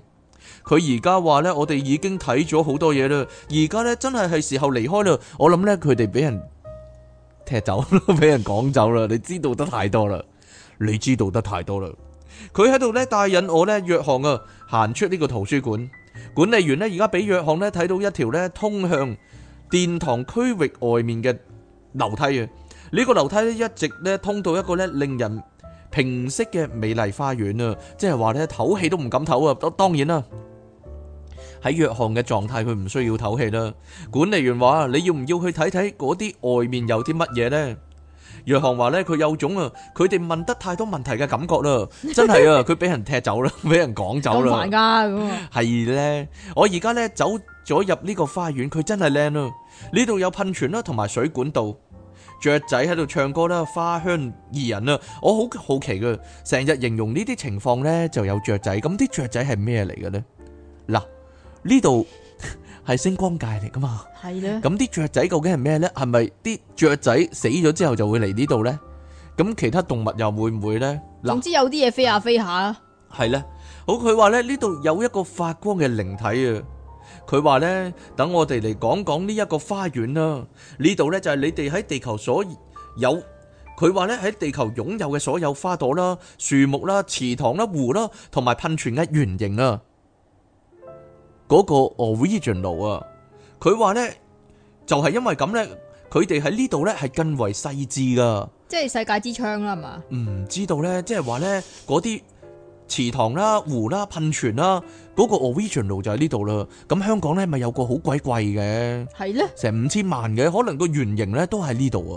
佢而家話呢，我哋已經睇咗好多嘢啦。而家呢，真係係時候離開啦。我諗呢，佢哋俾人踢走啦，俾人趕走啦。 你知道得太多啦，你知道得太多啦。佢喺度呢，帶引我呢約翰啊，行出呢個圖書館。管理員呢，而家俾約翰呢睇到一條呢通向殿堂區域外面嘅樓梯啊。呢、呢個樓梯呢一直呢通到一個呢令人平息嘅美麗花園啊。即係話呢，唞氣都唔敢唞啊。當然啦。喺約翰嘅狀態，佢唔需要透氣啦。管理員話，你要唔要去睇睇嗰啲外面有啲乜嘢呢？說」約翰話呢，佢有種啊，佢哋問得太多問題嘅感覺啦， 真係啊，佢俾人踢走啦，俾人趕走啦。講快係咧，我而家呢，走咗入呢個花園，佢真係靚啊。呢度有噴泉啦，同埋水管道，雀仔喺度唱歌啦，花香怡人啊。我好好奇噶，成日形容呢啲情況呢，就有雀仔，咁啲雀仔係咩嚟嘅呢？」嗱。呢度係星光界嚟噶嘛？係咧。咁啲雀仔究竟係咩呢？係咪啲雀仔死咗之後就會嚟呢度呢？咁其他動物又會唔會呢？總之有啲嘢飛下飛下啦。係咧。好，佢話咧呢度有一個發光嘅靈體啊。佢話呢等我哋嚟講講呢一個花園啦。呢度呢就係你哋喺地球所有，佢話呢喺地球擁有嘅所有花朵啦、樹木啦、池塘啦、湖啦，同埋噴泉嘅原型啊。嗰、那個 original 啊，佢話咧就係、是、因為咁咧，佢哋喺呢度咧係更為細緻噶，即係世界之窗啦，係嘛？唔知道咧，即係話咧嗰啲池塘啦、湖啦、噴泉啦，嗰、那個 original 就喺呢度啦。咁香港咧咪有個好鬼貴嘅，係咧，成五千萬嘅，可能個原型咧都喺呢度啊。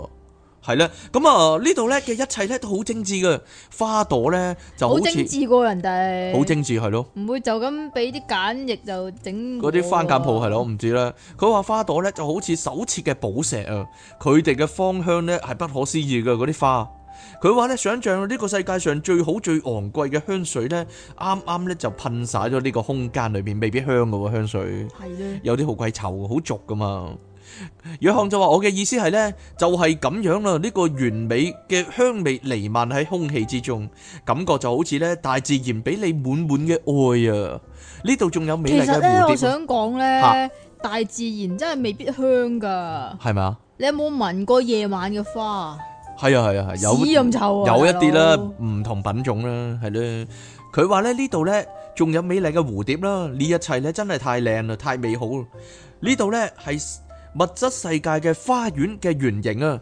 係咧，咁啊呢度咧嘅一切咧都好精緻嘅，花朵咧就好精緻過人哋，好精緻係咯，唔會就咁俾啲簡易就整嗰啲番梘鋪係咯，我唔知啦。佢話花朵咧就好似手切嘅寶石啊，佢哋嘅芳香咧係不可思議嘅嗰啲花。佢話咧想像呢個世界上最好最昂貴嘅香水咧，啱啱咧就噴晒咗呢個空間裏面未必香嘅喎香水，係有啲好鬼臭，好俗噶嘛。若翰就話：我嘅意思係咧，就係咁樣啦。呢個完美嘅香味彌漫喺空氣之中，感覺就好似咧大自然俾你滿滿嘅愛啊！呢度仲有美麗嘅蝴蝶。其實咧，我想講咧，大自然真係未必香噶。係咪啊？你有冇聞過夜晚嘅花啊？係啊係啊係。屎咁臭啊！有一啲啦，唔同品種啦，係咧。佢話咧呢度咧仲有美麗嘅蝴蝶啦，呢一切咧真係太靚啦，太美好啦。呢度咧係。物質世界嘅花園嘅原型啊，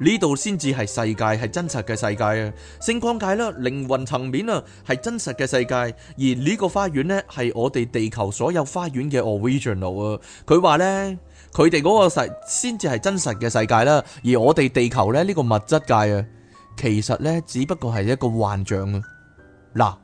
呢度先至係世界係真實嘅世界啊，星光界啦，靈魂層面啊係真實嘅世界，而呢個花園呢係我哋地球所有花園嘅 original 啊，佢話呢，佢哋嗰個世先至係真實嘅世界啦、啊，而我哋地球呢，呢、這個物質界啊，其實呢，只不過係一個幻象啊，嗱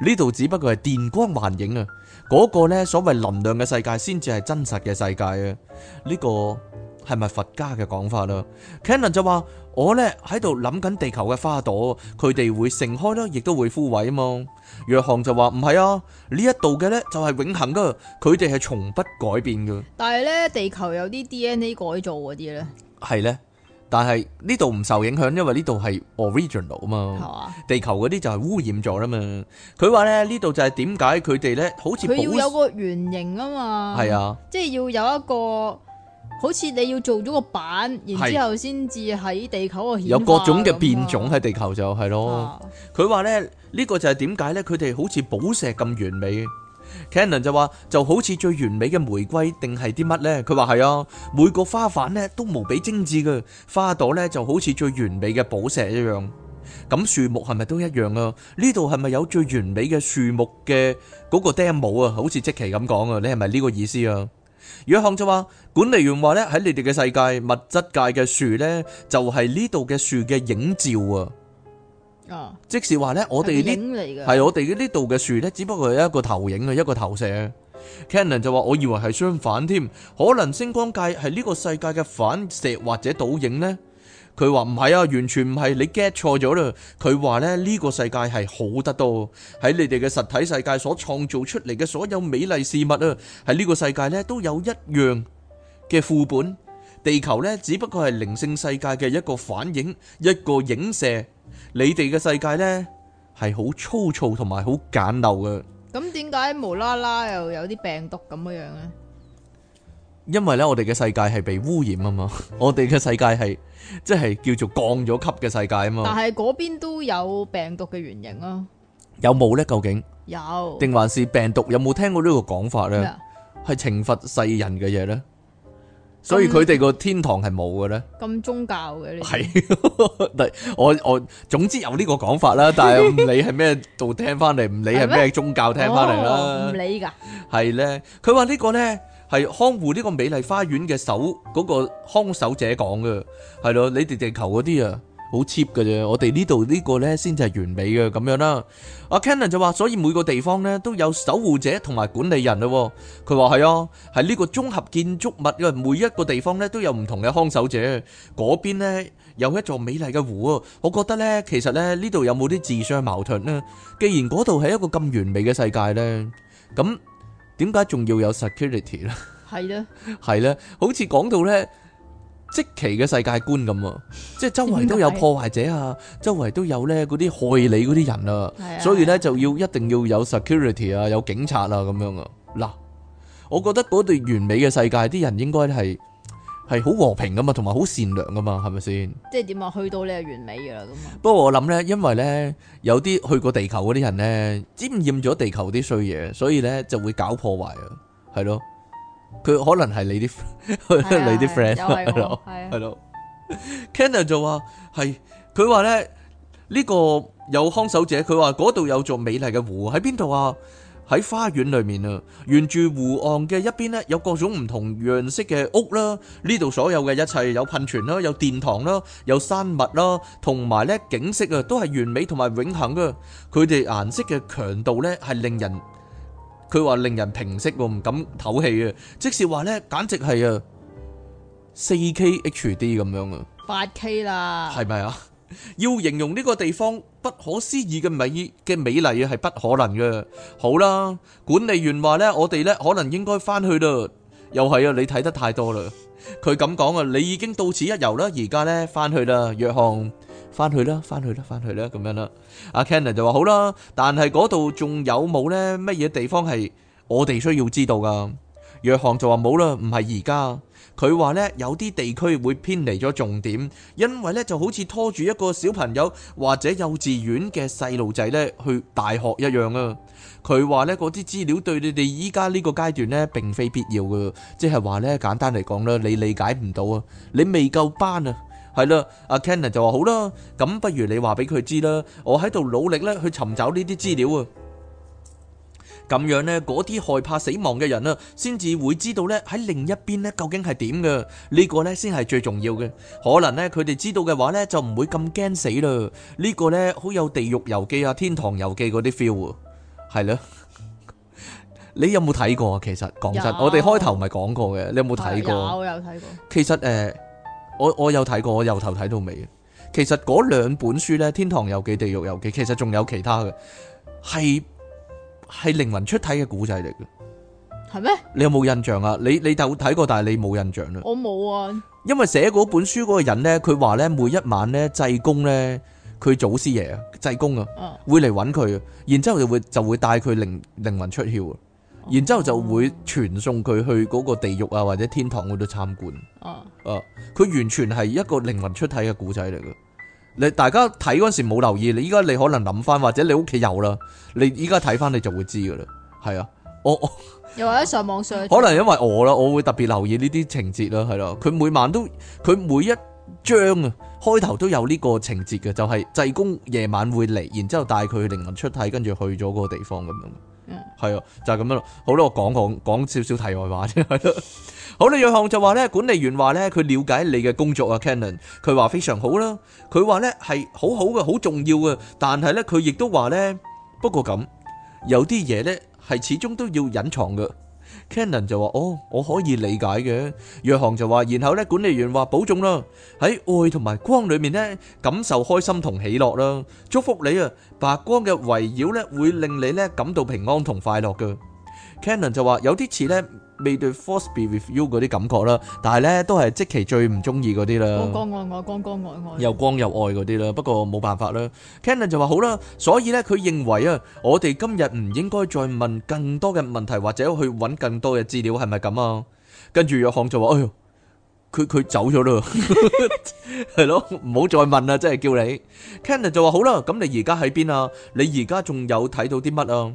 呢度只不過係電光幻影啊。嗰、那個呢所謂能量嘅世界，先至係真實嘅世界啊！呢個係咪佛家嘅講法啦？c a n n n 就話：我呢喺度諗緊地球嘅花朵，佢哋會盛開啦，亦都會枯萎啊嘛。若翰就話：唔係啊，呢一度嘅呢就係永行噶，佢哋係從不改變㗎。但係呢，地球有啲 DNA 改造嗰啲呢，係呢。但係呢度唔受影響，因為呢度係 original 啊嘛，地球嗰啲就係污染咗啦嘛。佢話咧，呢度就係點解佢哋咧好似佢要有個圓形啊嘛，係啊，即係要有一個，啊、有一個好似你要做咗個板，然之後先至喺地球嗰度有各種嘅變種喺地球就係咯。佢話咧呢、呢個就係點解咧佢哋好似寶石咁完美。Canon 就話就好似最完美嘅玫瑰，定係啲乜呢？佢話係啊，每個花瓣呢都無比精致嘅，花朵呢就好似最完美嘅寶石一樣。咁樹木係咪都一樣啊？呢度係咪有最完美嘅樹木嘅嗰個 demo 啊？好似即期咁講啊？你係咪呢個意思啊？約翰就話，管理員話呢，喺你哋嘅世界物質界嘅樹呢，就係呢度嘅樹嘅影照啊。哦，即是話咧，我哋啲係我哋呢呢度嘅樹咧，只不過係一個投影啊，一個投射。Cannon 就話，我以為係相反添，可能星光界係呢個世界嘅反射或者倒影咧。佢話唔係啊，完全唔係，你 get 錯咗啦。佢話咧，呢個世界係好得多喺你哋嘅實體世界所創造出嚟嘅所有美麗事物啊，喺呢個世界咧都有一樣嘅副本。地球咧只不過係靈性世界嘅一個反映，一個影射。你哋嘅世界呢，係好粗糙同埋好簡陋嘅。咁點解無啦啦又有啲病毒咁嘅樣呢？因為呢，我哋嘅世界係被污染啊嘛，我哋嘅世界係即係叫做降咗級嘅世界啊嘛。但係嗰邊都有病毒嘅原型啊，有冇呢？究竟有定還是病毒？有冇聽過呢個講法呢？係懲罰世人嘅嘢呢？所以佢哋個天堂係冇嘅咧，咁宗教嘅呢？係， 我我總之有呢個講法啦，但係唔理係咩度聽翻嚟，唔理係咩宗教聽翻嚟啦，唔、哦、理噶，係咧，佢話呢個咧係看護呢個美麗花園嘅手嗰個看守者講嘅，係咯，你哋地球嗰啲啊。好 cheap 嘅啫，我哋呢度呢個咧先至係完美嘅咁樣啦。阿 Cannon 就話，所以每個地方咧都有守護者同埋管理人咯。佢話係啊，喺呢個綜合建築物嘅每一個地方咧都有唔同嘅看守者。嗰邊咧有一座美麗嘅湖啊，我覺得咧其實咧呢度有冇啲自相矛盾咧？既然嗰度係一個咁完美嘅世界咧，咁點解仲要有 security 咧？係啦，係啦，好似講到咧。即其嘅世界觀咁啊，即係周圍都有破壞者啊，周圍都有咧嗰啲害你嗰啲人啊，所以咧就要一定要有 security 啊，有警察啊咁樣啊。嗱，我覺得嗰段完美嘅世界，啲人應該係係好和平噶嘛，同埋好善良噶嘛，係咪先？即係點啊？去到呢就完美噶啦咁。不過我諗咧，因為咧有啲去過地球嗰啲人咧，沾染咗地球啲衰嘢，所以咧就會搞破壞啊，係咯。佢可能係你啲，佢係你啲 friend 係咯，係咯。Candor 就話係，佢話咧呢個有看守者，佢話嗰度有座美麗嘅湖喺邊度啊？喺花園裏面啊，沿住湖岸嘅一邊咧，有各種唔同樣式嘅屋啦。呢度所有嘅一切有噴泉啦，有殿堂啦，有山脈啦，同埋咧景色啊，都係完美同埋永恒嘅。佢哋顏色嘅強度咧，係令人。佢話令人平息，我唔敢唞氣啊！即是話咧，簡直係啊四 K HD 咁樣啊，八 K 啦，係咪啊？要形容呢個地方不可思議嘅美嘅美麗啊，係不可能嘅。好啦，管理員話咧，我哋咧可能應該翻去啦。又係啊，你睇得太多啦。佢咁講啊，你已經到此一遊啦，而家咧翻去啦，約翰。翻去啦，翻去啦，翻去啦，咁樣啦。阿 Kenner 就話好啦，但係嗰度仲有冇呢乜嘢地方係我哋需要知道噶？約翰就話冇啦，唔係而家。佢話呢，有啲地區會偏離咗重點，因為呢就好似拖住一個小朋友或者幼稚園嘅細路仔呢去大學一樣啊。佢話呢，嗰啲資料對你哋依家呢個階段呢，並非必要嘅，即係話呢，簡單嚟講呢，你理解唔到啊，你未夠班啊。係啦，阿 Kenan 就話好啦，咁不如你話俾佢知啦，我喺度努力咧去尋找呢啲資料啊，咁樣咧嗰啲害怕死亡嘅人啦，先至會知道咧喺另一邊咧究竟係點噶，呢個咧先係最重要嘅，可能咧佢哋知道嘅話咧就唔會咁驚死啦，呢個咧好有地獄遊記啊天堂遊記嗰啲 feel 啊，係咯，你有冇睇過啊？其實講真，我哋開頭唔係講過嘅，你有冇睇過？有有睇過。其實誒。我我有睇過，我由頭睇到尾。其實嗰兩本書呢《天堂遊記》《地獄遊記》，其實仲有，有，有其他嘅，係係靈魂出體嘅古仔嚟嘅，係咩？你有冇印象啊？你你有睇過，但係你冇印象啦、啊。我冇啊。因為寫嗰本書嗰個人呢，佢話呢，每一晚呢，濟公呢，佢祖師爺啊，濟公啊，會嚟揾佢，然之後就會就會帶佢靈靈魂出竅。然之後就會傳送佢去嗰個地獄啊，或者天堂嗰度參觀。佢、哦啊、完全係一個靈魂出體嘅故仔嚟嘅。你大家睇嗰時冇留意，你依家你可能諗翻，或者你屋企有啦。你依家睇翻你就會知㗎啦。係啊，我我又或者上網上去， 可能因為我啦，我會特別留意呢啲情節啦，係咯、啊。佢每晚都，佢每一章啊，開頭都有呢個情節嘅，就係濟公夜晚會嚟，然之後帶佢靈魂出體，跟住去咗嗰個地方咁樣。係、嗯、啊，就係、是、咁樣咯。好啦，我講講講少少題外話先。好啦，約翰就話咧，管理員話咧，佢了解你嘅工作啊，Canon，佢話非常好啦，佢話咧係好好嘅，好重要嘅。但係咧，佢亦都話咧，不過咁有啲嘢咧係始終都要隱藏嘅。Canon 就話：哦，我可以理解嘅。約翰就話，然後咧，管理員話保重啦。喺愛同埋光裏面咧，感受開心同喜樂啦。祝福你啊！白光嘅圍繞咧，會令你咧感到平安同快樂嘅。Canon 就話有啲似咧。未對，force be with you 嗰啲感覺啦，但係咧都係即其最唔中意嗰啲啦。光愛愛光光愛愛又光又愛嗰啲啦，不過冇辦法啦。Cannon 就話好啦，所以咧佢認為啊，我哋今日唔應該再問更多嘅問題或者去揾更多嘅資料係咪咁啊？跟住約翰就話：哎呦，佢佢走咗咯，係咯，唔好再問啦，即係叫你。Cannon 就話好啦，咁你而家喺邊啊？你而家仲有睇到啲乜啊？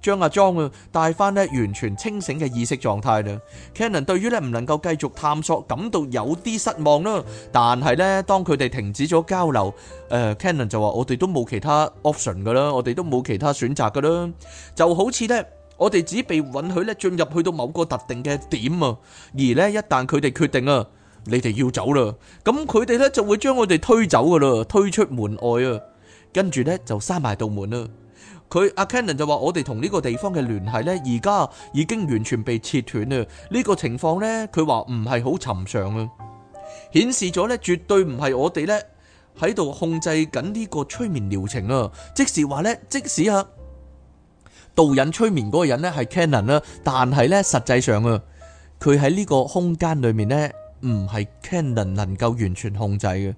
將阿莊啊帶翻咧完全清醒嘅意識狀態咧，Canon 對於咧唔能夠繼續探索感到有啲失望啦。但係咧，當佢哋停止咗交流，誒 Canon 就話：我哋都冇其他 option 噶啦，我哋都冇其他選擇噶啦。就好似咧，我哋只被允許咧進入去到某個特定嘅點啊。而咧一旦佢哋決定啊，你哋要走啦，咁佢哋咧就會將我哋推走噶啦，推出門外啊，跟住咧就閂埋道門啊。佢阿 Cannon 就話，我哋同呢個地方嘅聯繫呢，而家已經完全被切斷啦。呢個情況呢，佢話唔係好尋常啊，顯示咗呢，絕對唔係我哋呢喺度控制緊呢個催眠療程啊。即使話呢，即使啊導引催眠嗰個人呢係 Cannon 啦，但係呢實際上啊，佢喺呢個空間裏面呢，唔係 Cannon 能夠完全控制嘅，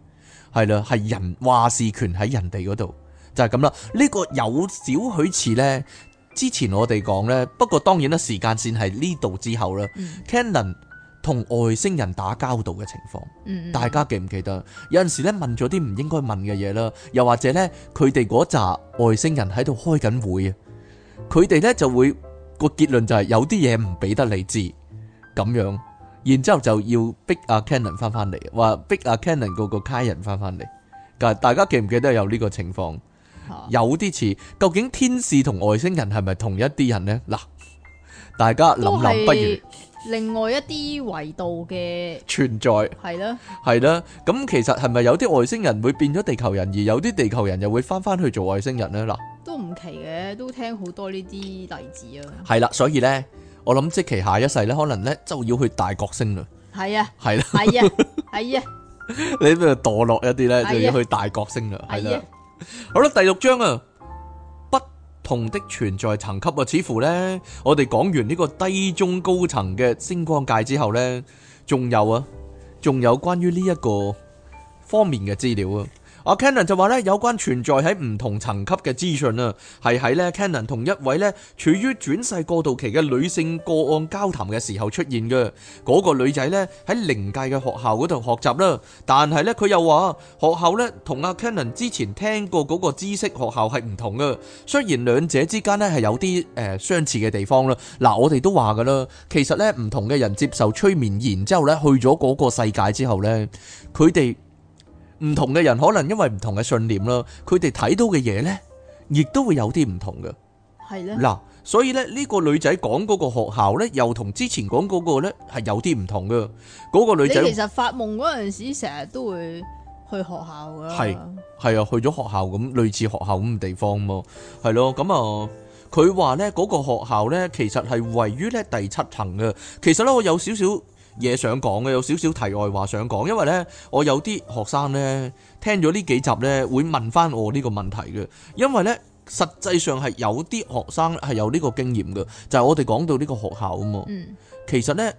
係啦，係人話事權喺人哋嗰度。就係咁啦，呢、這個有少許似呢。之前我哋講呢，不過當然啦，時間線係呢度之後啦。Mm. Canon 同外星人打交道嘅情況，mm. 大記記的那個的，大家記唔記得？有陣時咧問咗啲唔應該問嘅嘢啦，又或者呢，佢哋嗰集外星人喺度開緊會啊，佢哋呢就會個結論就係有啲嘢唔俾得你知咁樣，然之後就要逼阿 Canon 翻翻嚟，話逼阿 Canon 個個家人翻翻嚟。但係大家記唔記得有呢個情況？有啲似，究竟天使同外星人係咪同一啲人咧？嗱，大家諗諗不如。另外一啲維度嘅存在係咯，係咯。咁其實係咪有啲外星人會變咗地球人，而有啲地球人又會翻翻去做外星人咧？嗱，都唔奇嘅，都聽好多呢啲例子啊。係啦，所以咧，我諗即期下一世咧，可能咧就要去大角星啦。係啊，係啦，係啊，係啊，你不如墮落一啲咧，就要去大角星啦。係啦。好啦，第六章啊，不同的存在層級啊，似乎呢，我哋講完呢個低、中、高層嘅星光界之後呢，仲有啊，仲有關於呢一個方面嘅資料啊。阿 Canon 就話咧，有關存在喺唔同層級嘅資訊啊，係喺咧 Canon 同一位咧處於轉世過渡期嘅女性個案交談嘅時候出現嘅。嗰個女仔咧喺靈界嘅學校嗰度學習啦，但係咧佢又話學校咧同阿 Canon 之前聽過嗰個知識學校係唔同嘅。雖然兩者之間咧係有啲誒相似嘅地方啦。嗱，我哋都話㗎啦，其實咧唔同嘅人接受催眠然之後咧去咗嗰個世界之後咧，佢哋。唔同嘅人可能因為唔同嘅信念啦，佢哋睇到嘅嘢咧，亦都會有啲唔同嘅。係咧，嗱，所以咧呢個女仔講嗰個學校咧，又同之前講嗰個咧係有啲唔同嘅。嗰個女仔，你其實發夢嗰陣時，成日都會去學校噶。係係啊，去咗學校咁類似學校咁嘅地方嘛。係咯，咁啊，佢話咧嗰個學校咧，其實係位於咧第七層嘅。其實咧我有少少。嘢想講嘅，有少少題外話想講，因為呢，我有啲學生呢，聽咗呢幾集呢，會問翻我呢個問題嘅，因為呢，實際上係有啲學生係有呢個經驗嘅，就係、是、我哋講到呢個學校啊嘛。其實呢，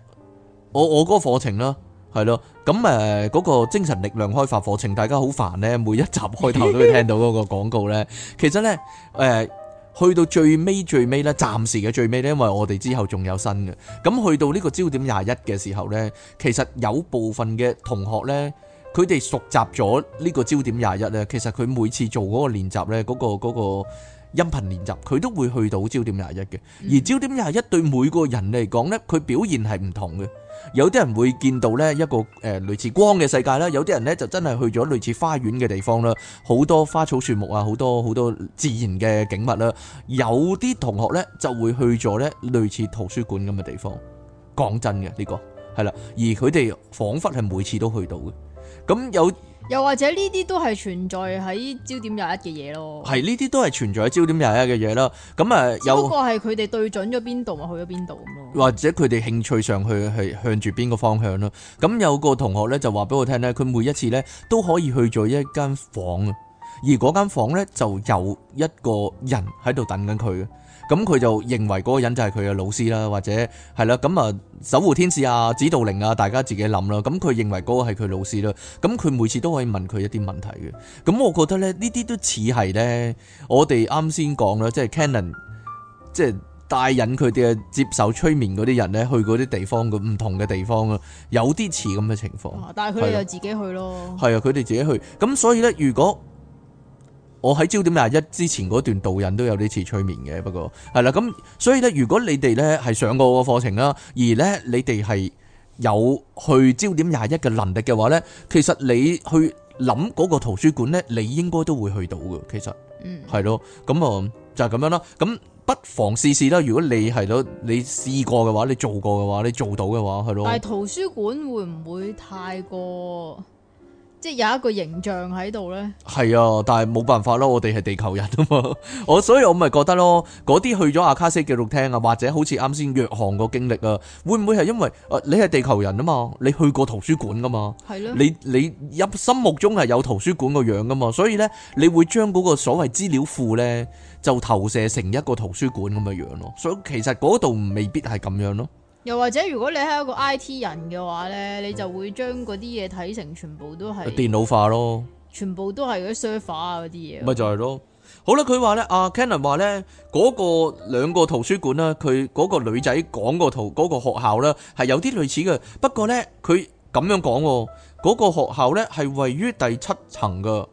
我我嗰個課程啦，係咯，咁誒嗰個精神力量開發課程，大家好煩呢，每一集開頭都會聽到嗰個廣告呢。 其實呢。誒、呃。去到最尾最尾咧，暫時嘅最尾咧，因為我哋之後仲有新嘅。咁去到呢個焦點廿一嘅時候呢，其實有部分嘅同學呢，佢哋熟習咗呢個焦點廿一呢，其實佢每次做嗰個練習呢，嗰、嗰、嗰個。嗰個音頻練習佢都會去到焦點廿一嘅，而焦點廿一對每個人嚟講呢，佢表現係唔同嘅。有啲人會見到呢一個誒類似光嘅世界啦，有啲人呢就真係去咗類似花園嘅地方啦，好多花草樹木啊，好多好多自然嘅景物啦。有啲同學呢就會去咗呢類似圖書館咁嘅地方，講真嘅，呢個係啦，而佢哋彷彿係每次都去到嘅，咁有。又或者呢啲都係存在喺焦點廿一嘅嘢咯，係呢啲都係存在喺焦點廿一嘅嘢咯。咁啊，有、呃、只不過係佢哋對準咗邊度，去咗邊度，或者佢哋興趣上去係向住邊個方向咯。咁有個同學咧就話俾我聽咧，佢每一次咧都可以去咗一間房啊，而嗰間房咧就有一個人喺度等緊佢嘅。咁佢就認為嗰個人就係佢嘅老師啦，或者係啦，咁啊，守護天使啊、指導靈啊，大家自己諗啦。咁佢認為嗰個係佢老師啦。咁佢每次都可以問佢一啲問題嘅。咁我覺得咧，呢啲都似係咧，我哋啱先講啦，即係 Canon，即係帶引佢哋接受催眠嗰啲人咧，去嗰啲地方，嘅唔同嘅地方啊，有啲似咁嘅情況。但係佢哋又自己去咯。係啊，佢哋自己去。咁所以咧，如果我喺焦點廿一之前嗰段導引都有啲似催眠嘅，不過係啦，咁所以咧，如果你哋咧係上過個課程啦，而咧你哋係有去焦點廿一嘅能力嘅話咧，其實你去諗嗰個圖書館咧，你應該都會去到嘅，其實，嗯，係咯，咁、呃、啊就係、是、咁樣啦，咁不妨試試啦。如果你係咯你試過嘅話，你做過嘅話，你做到嘅話，係咯。但係圖書館會唔會太過？即係有一個形象喺度呢，係啊，但係冇辦法咯，我哋係地球人啊嘛，我 所以我咪覺得咯，嗰啲去咗阿卡西記錄廳啊，或者好似啱先約翰個經歷會會啊，會唔會係因為誒你係地球人啊嘛，你去過圖書館噶嘛，的你你入心目中係有圖書館個樣噶嘛，所以呢，你會將嗰個所謂資料庫呢，就投射成一個圖書館咁嘅樣咯，所以其實嗰度未必係咁樣咯。又或者如果你係一個 I T 人嘅話咧，你就會將嗰啲嘢睇成全部都係電腦化咯，全部都係嗰啲 server 啊，嗰啲嘢。咪就係咯。好啦，佢話咧，阿 Kenner 話咧，嗰、嗰個兩個圖書館咧，佢、嗰、嗰個女仔講個圖嗰個學校咧係、嗰個、有啲類似嘅，不過咧佢咁樣講喎，嗰、嗰個學校咧係位於第七層嘅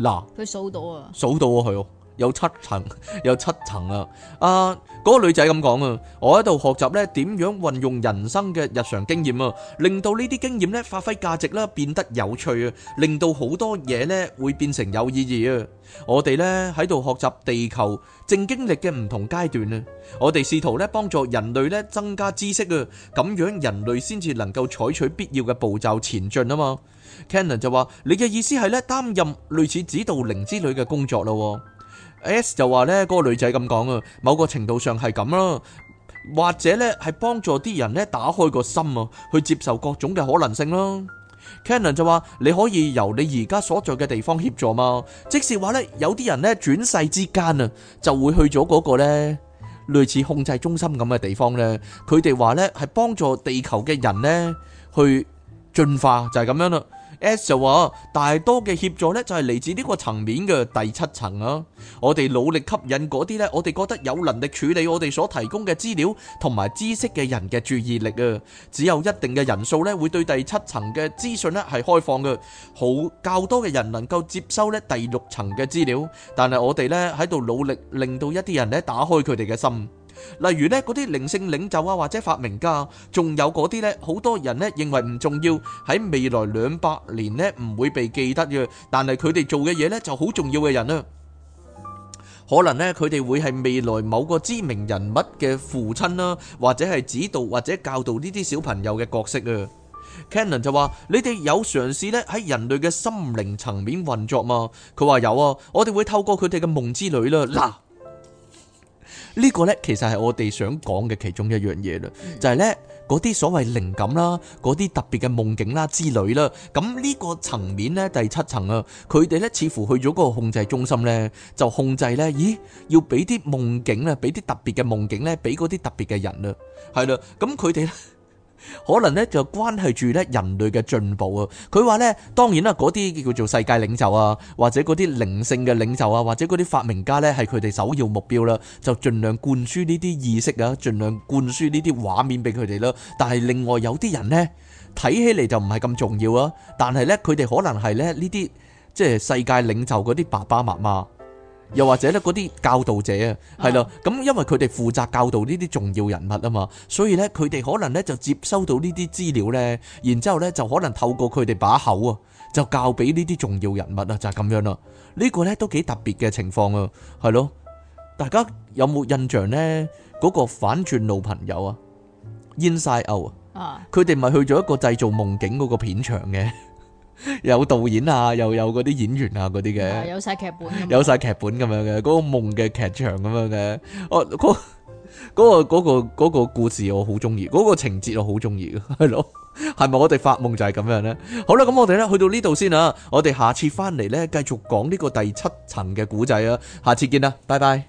嗱，佢數到啊，數到啊，佢有七層，有七層啊，啊！嗰個女仔咁講啊，我喺度學習咧點樣運用人生嘅日常經驗啊，令到呢啲經驗咧發揮價值啦，變得有趣啊，令到好多嘢咧會變成有意義啊。我哋咧喺度學習地球正經歷嘅唔同階段啊，我哋試圖咧幫助人類咧增加知識啊，咁樣人類先至能夠採取必要嘅步驟前進啊嘛。Cannon 就話：你嘅意思係咧擔任類似指導靈之類嘅工作咯。S 就話呢，個女仔咁講啊，某個程度上係咁啦，或者呢，係幫助啲人呢，打開個心啊，去接受各種嘅可能性咯。Canon 就話，你可以由你而家所在嘅地方協助嘛，即是話呢，有啲人呢，轉世之間啊，就會去咗嗰個呢，類似控制中心咁嘅地方呢，佢哋話呢，係幫助地球嘅人呢，去進化，就係咁樣啦。As 話，大多嘅協助呢，就係嚟自呢個層面嘅第七層啊！我哋努力吸引嗰啲呢，我哋覺得有能力處理我哋所提供嘅資料同埋知識嘅人嘅注意力啊！只有一定嘅人數呢，會對第七層嘅資訊呢係開放嘅，好較多嘅人能夠接收呢第六層嘅資料，但係我哋呢喺度努力令到一啲人呢打開佢哋嘅心。例如呢，嗰啲靈性領袖啊，或者發明家，仲有嗰啲呢，好多人呢認為唔重要，喺未來兩百年呢唔會被記得嘅，但係佢哋做嘅嘢呢，就好重要嘅人啦。可能呢，佢哋會係未來某個知名人物嘅父親啦，或者係指導或者教導呢啲小朋友嘅角色啊。Cannon 就話：你哋有嘗試呢喺人類嘅心靈層面運作嘛？佢話有啊，我哋會透過佢哋嘅夢之旅啦。嗱。 呢個呢，其實係我哋想講嘅其中一樣嘢啦，就係呢嗰啲所謂靈感啦，嗰啲特別嘅夢境啦之類啦，咁呢個層面呢，第七層啊，佢哋呢，似乎去咗個控制中心呢，就控制呢，咦，要俾啲夢境啊，俾啲特別嘅夢境呢，俾嗰啲特別嘅人啊，係啦，咁佢哋。可能咧就關係住咧人類嘅進步啊！佢話咧，當然啦，嗰啲叫做世界領袖啊，或者嗰啲靈性嘅領袖啊，或者嗰啲發明家咧，係佢哋首要目標啦，就盡量灌輸呢啲意識啊，盡量灌輸呢啲畫面俾佢哋啦。但係另外有啲人呢，睇起嚟就唔係咁重要啊，但係咧佢哋可能係咧呢啲即係世界領袖嗰啲爸爸媽媽。又或者咧，嗰啲教導者啊，係咯，咁因為佢哋負責教導呢啲重要人物啊嘛，所以呢，佢哋可能呢就接收到呢啲資料呢，然之後呢就可能透過佢哋把口啊，就教俾呢啲重要人物啊，就係咁樣啦。呢個呢都幾特別嘅情況啊，係咯，大家有冇印象呢？嗰個反轉老朋友啊，Inside Out 啊，佢哋咪去咗一個製造夢境嗰個片場嘅。有導演啊，又有嗰啲演員啊嗰啲嘅，嗰啲嘅，有晒劇本咁樣嘅，有晒劇本咁樣嘅，嗰、嗰個夢嘅劇場咁樣嘅，我嗰嗰個、嗰個、嗰個故事我好中意，嗰、嗰個情節我好中意嘅，係咯，係咪我哋發夢就係咁樣咧？好啦，咁我哋咧去到呢度先啦，我哋下次翻嚟咧繼續講呢個第七層嘅古仔啊，下次見啦，拜拜。